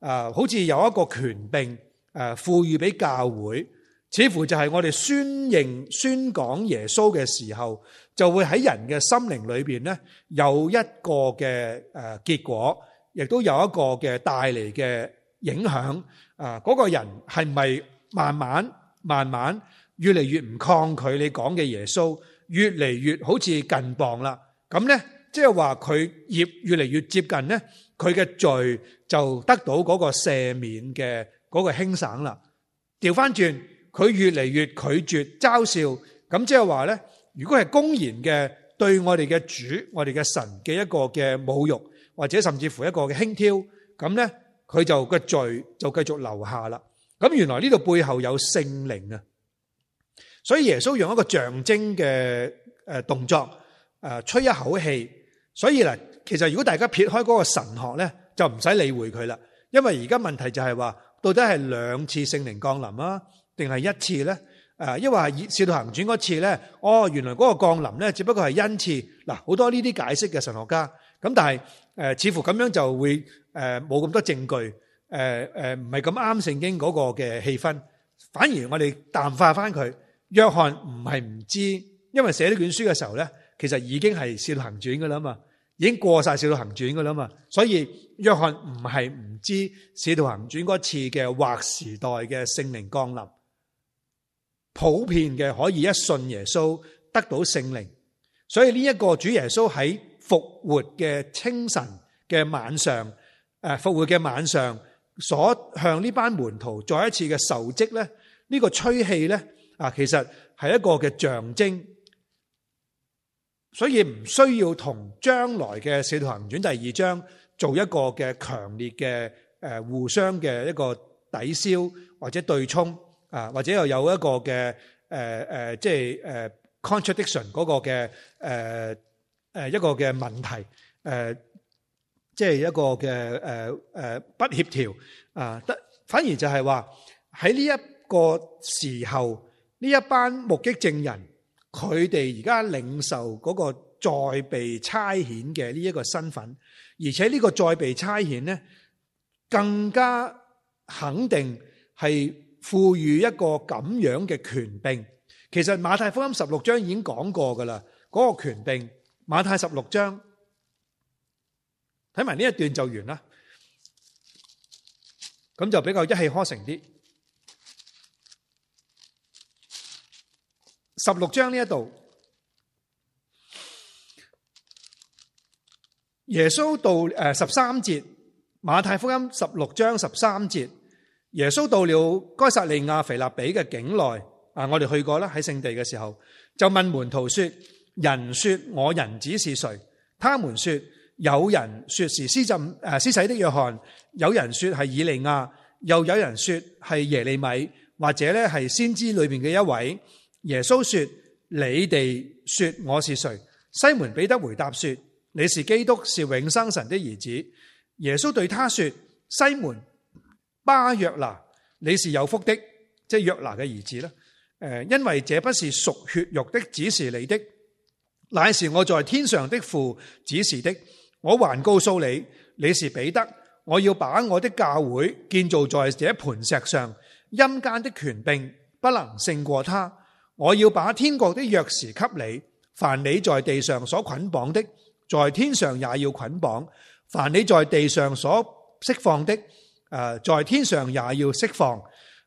啊、呃，好似有一個權柄誒、呃，賦予俾教會，似乎就係我哋宣認、宣講耶穌嘅時候，就會喺人嘅心靈裏邊呢有一個嘅誒結果，亦都有一個嘅帶嚟嘅影響。啊、呃，嗰、那個人係咪慢慢、慢慢？越嚟越唔抗拒你講嘅耶穌，越嚟越好似近傍啦。咁咧，即係話佢業越嚟越接近咧，佢嘅罪就得到嗰個赦免嘅嗰個輕省啦。調翻轉，佢越嚟越拒絕嘲笑，咁即係話咧，如果係公然嘅對我哋嘅主、我哋嘅神嘅一個嘅侮辱，或者甚至乎一個嘅輕佻，咁咧佢就個罪就繼續留下啦。咁原來呢度背後有聖靈啊！所以耶穌用一個象徵嘅誒動作，誒吹一口氣。所以咧，其實如果大家撇開嗰個神學咧，就唔使理會佢啦。因為而家問題就係話，到底係兩次聖靈降臨啊，定係一次咧？誒，因為係以使徒行傳嗰次咧，哦，原來嗰個降臨咧，只不過係恩賜。嗱，好多呢啲解釋嘅神學家，咁但係似乎咁樣就會誒冇咁多證據，誒誒唔係咁啱聖經嗰個嘅氣氛，反而我哋淡化翻佢。約翰唔係唔知，因為寫呢卷書嘅時候咧，其實已經係使徒行傳噶啦嘛，已經過晒使徒行傳噶啦嘛，所以約翰唔係唔知使徒行傳嗰次嘅劃時代嘅聖靈降臨，普遍嘅可以一信耶穌得到聖靈，所以呢一個主耶穌喺復活嘅清晨嘅晚上，誒復活嘅晚上所向呢班門徒再一次嘅受職咧，這個、呢個吹氣咧。啊，其實係一個嘅象徵，所以唔需要同將來嘅使徒行傳第二章做一個嘅強烈嘅誒互相嘅一個抵消或者對沖啊，或者又有一個嘅誒誒，即係誒 contradiction 嗰個嘅誒誒一個嘅問題，誒即係一個嘅誒誒不協調啊，得反而就係話喺呢一個時候。呢一班目擊證人，佢哋而家領受嗰個再被差遣嘅呢一個身份，而且呢個再被差遣呢，更加肯定係賦予一個咁樣嘅權柄。其實馬太福音十六章已經講過噶啦，嗰個權柄，馬太十六章睇埋呢一段就完啦，咁就比較一氣呵成啲。十六章呢一度，耶穌到誒十三節，馬太福音十六章十三節，耶穌到了該撒利亞腓立比嘅境內啊，我哋去過啦，喺聖地嘅時候，就問門徒說：人說我人子是誰？他們說：有人說是施浸誒施洗的約翰，有人說係以利亞，又有人說係耶利米，或者咧係先知裏面嘅一位。耶穌說：你哋說我是誰？西門彼得回答說：你是基督，是永生神的兒子。耶穌對他說：西門巴約拿，你是有福的，即是約拿嘅兒子啦。因為這不是屬血肉的指示你的，乃是我在天上的父指示的。我還告訴你，你是彼得，我要把我的教會建造在這磐石上，陰間的權柄不能勝過他。我要把天國的鑰匙給你，凡你在地上所捆綁的，在天上也要捆綁；凡你在地上所釋放的，誒、啊，在天上也要釋放。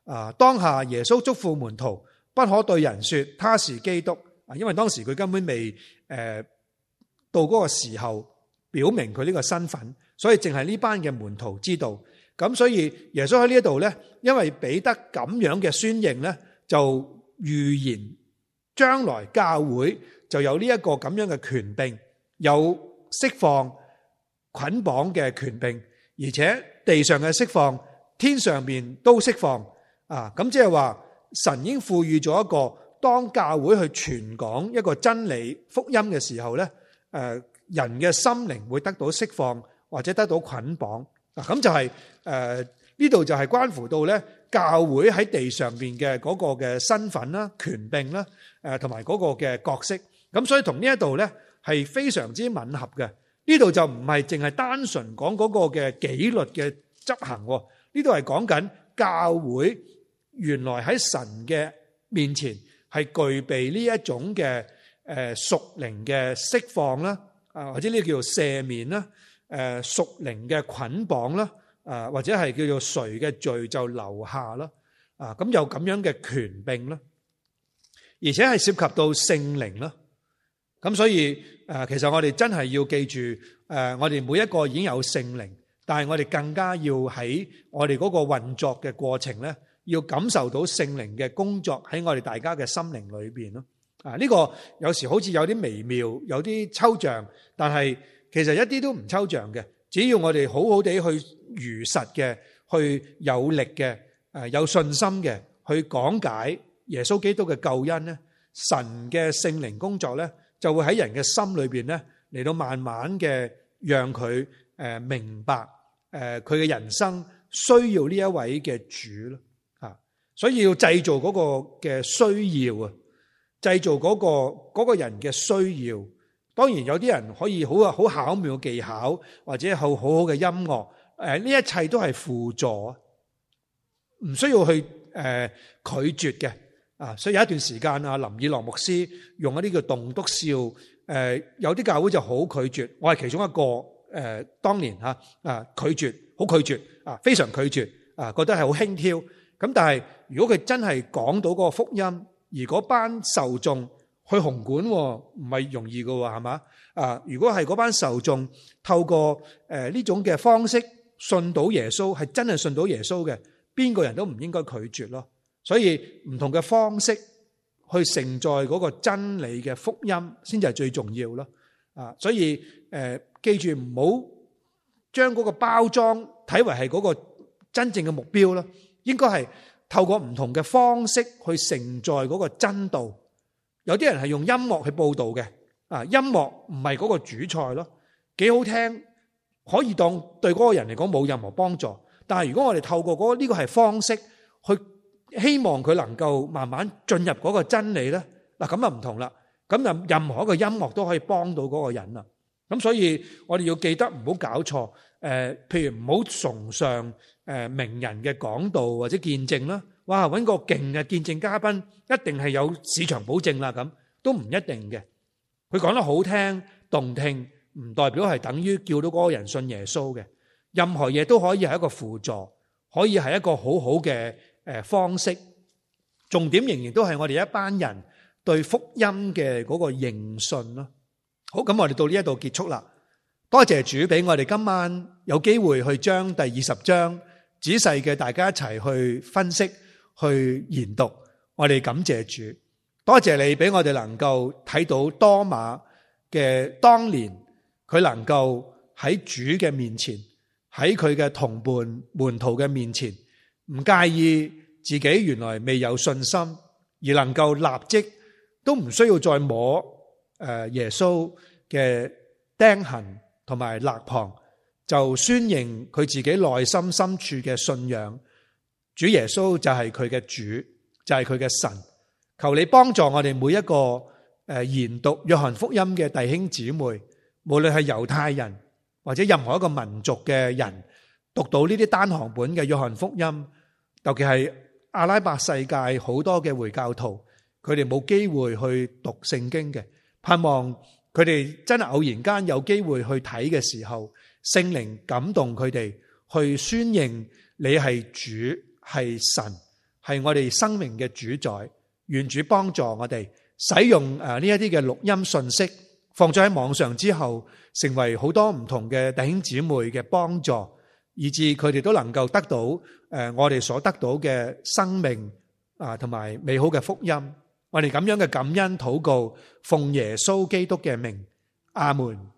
啊，當下耶穌囑咐門徒，不可對人說他是基督，啊，因為當時佢根本未誒、呃、到嗰個時候表明佢呢個身份，所以淨係呢班嘅門徒知道。咁所以耶穌喺呢一度呢，因為彼得咁樣嘅宣認呢，就。預言將來教會就有呢一個咁樣嘅權柄，有釋放捆綁嘅權柄，而且地上嘅釋放，天上邊都釋放啊！咁即係話神已經賦予咗一個，當教會去傳講一個真理福音嘅時候咧，誒，人嘅心靈會得到釋放或者得到捆綁啊！咁就係誒呢度就係關乎到咧。教會喺地上邊嘅嗰個嘅身份啦、權柄啦、誒同埋嗰個嘅角色，咁所以同呢一度咧係非常之吻合嘅。呢度就唔係淨係單純講嗰個嘅紀律嘅執行，呢度係講緊教會原來喺神嘅面前係具備呢一種嘅誒屬靈嘅釋放啦，啊或者呢個叫做赦免啦，誒屬靈嘅捆綁啦。啊，或者係叫做誰嘅罪就留下啦，啊咁有咁樣嘅權柄啦，而且係涉及到聖靈啦，咁所以誒，其實我哋真係要記住誒，我哋每一個已經有聖靈，但係我哋更加要喺我哋嗰個運作嘅過程咧，要感受到聖靈嘅工作喺我哋大家嘅心靈裏邊咯，啊呢個有時好似有啲微妙，有啲抽象，但係其實一啲都唔抽象嘅，只要我哋好好地去。如實嘅，去有力嘅，誒有信心嘅，去講解耶穌基督嘅救恩咧，神嘅聖靈工作咧，就會喺人嘅心裏邊咧，嚟到慢慢嘅讓佢誒明白，誒佢嘅人生需要呢一位嘅主咯，啊，所以要製造嗰個嘅需要啊，製造嗰個嗰個人嘅需要。當然有啲人可以好好巧妙嘅技巧，或者好好好嘅音樂。誒，呢一切都係輔助，唔需要去誒拒絕嘅啊。所以有一段時間啊，林以諾牧師用一啲叫棟篤笑，誒，有啲教會就好拒絕，我係其中一個誒，當年吓啊拒絕，好拒絕啊，非常拒絕啊，覺得係好輕佻。咁但係如果佢真係講到個福音，而嗰班受眾去紅館，唔係容易噶，係嘛啊？如果係嗰班受眾透過誒呢種嘅方式。信到耶穌係真係信到耶穌嘅，邊個人都唔應該拒絕咯。所以唔同嘅方式去承載嗰個真理嘅福音，先至係最重要咯。啊，所以誒，記住唔好將嗰個包裝睇為係嗰個真正嘅目標咯。應該係透過唔同嘅方式去承載嗰個真道。有啲人係用音樂去報道嘅，啊，音樂唔係嗰個主菜咯，幾好聽。可以當對嗰個人嚟講冇任何幫助。但係如果我哋透過嗰呢個係方式去希望佢能夠慢慢進入嗰個真理咧，嗱，咁就唔同啦。咁就任何一個音樂都可以幫到嗰個人啦。咁所以我哋要記得唔好搞錯，誒，譬如唔好崇尚誒名人嘅講道或者見證啦。哇，揾個勁嘅見證嘉賓一定係有市場保證啦，咁都唔一定嘅。佢講得好聽、動聽。唔代表係等於叫到嗰個人信耶穌嘅。任何嘢都可以係一個輔助，可以係一個好好嘅誒方式。重點仍然都係我哋一班人對福音嘅嗰個認信咯。好，咁我哋到呢一度結束啦。多謝主俾我哋今晚有機會去將第二十章仔細嘅大家一齊去分析、去研讀。我哋感謝主，多謝你俾我哋能夠睇到多馬嘅當年。佢能夠喺主嘅面前，喺佢嘅同伴門徒嘅面前，唔介意自己原來未有信心，而能夠立即都唔需要再摸耶穌嘅釘痕同埋肋旁，就宣認佢自己內心深處嘅信仰。主耶穌就係佢嘅主，就係佢嘅神。求你幫助我哋每一個誒研讀約翰福音嘅弟兄姊妹。無論係猶太人或者任何一個民族嘅人，讀到呢啲單行本嘅約翰福音，尤其係阿拉伯世界好多嘅回教徒，佢哋冇機會去讀聖經嘅，盼望佢哋真係偶然間有機會去睇嘅時候，聖靈感動佢哋去宣認你係主，係神，係我哋生命嘅主宰，願主幫助我哋使用誒呢一啲嘅錄音信息。放咗喺網上之後，成為好多唔同嘅弟兄姊妹嘅幫助，以致佢哋都能夠得到誒我哋所得到嘅生命啊，同埋美好嘅福音。我哋咁樣嘅感恩禱告，奉耶穌基督嘅名，阿門。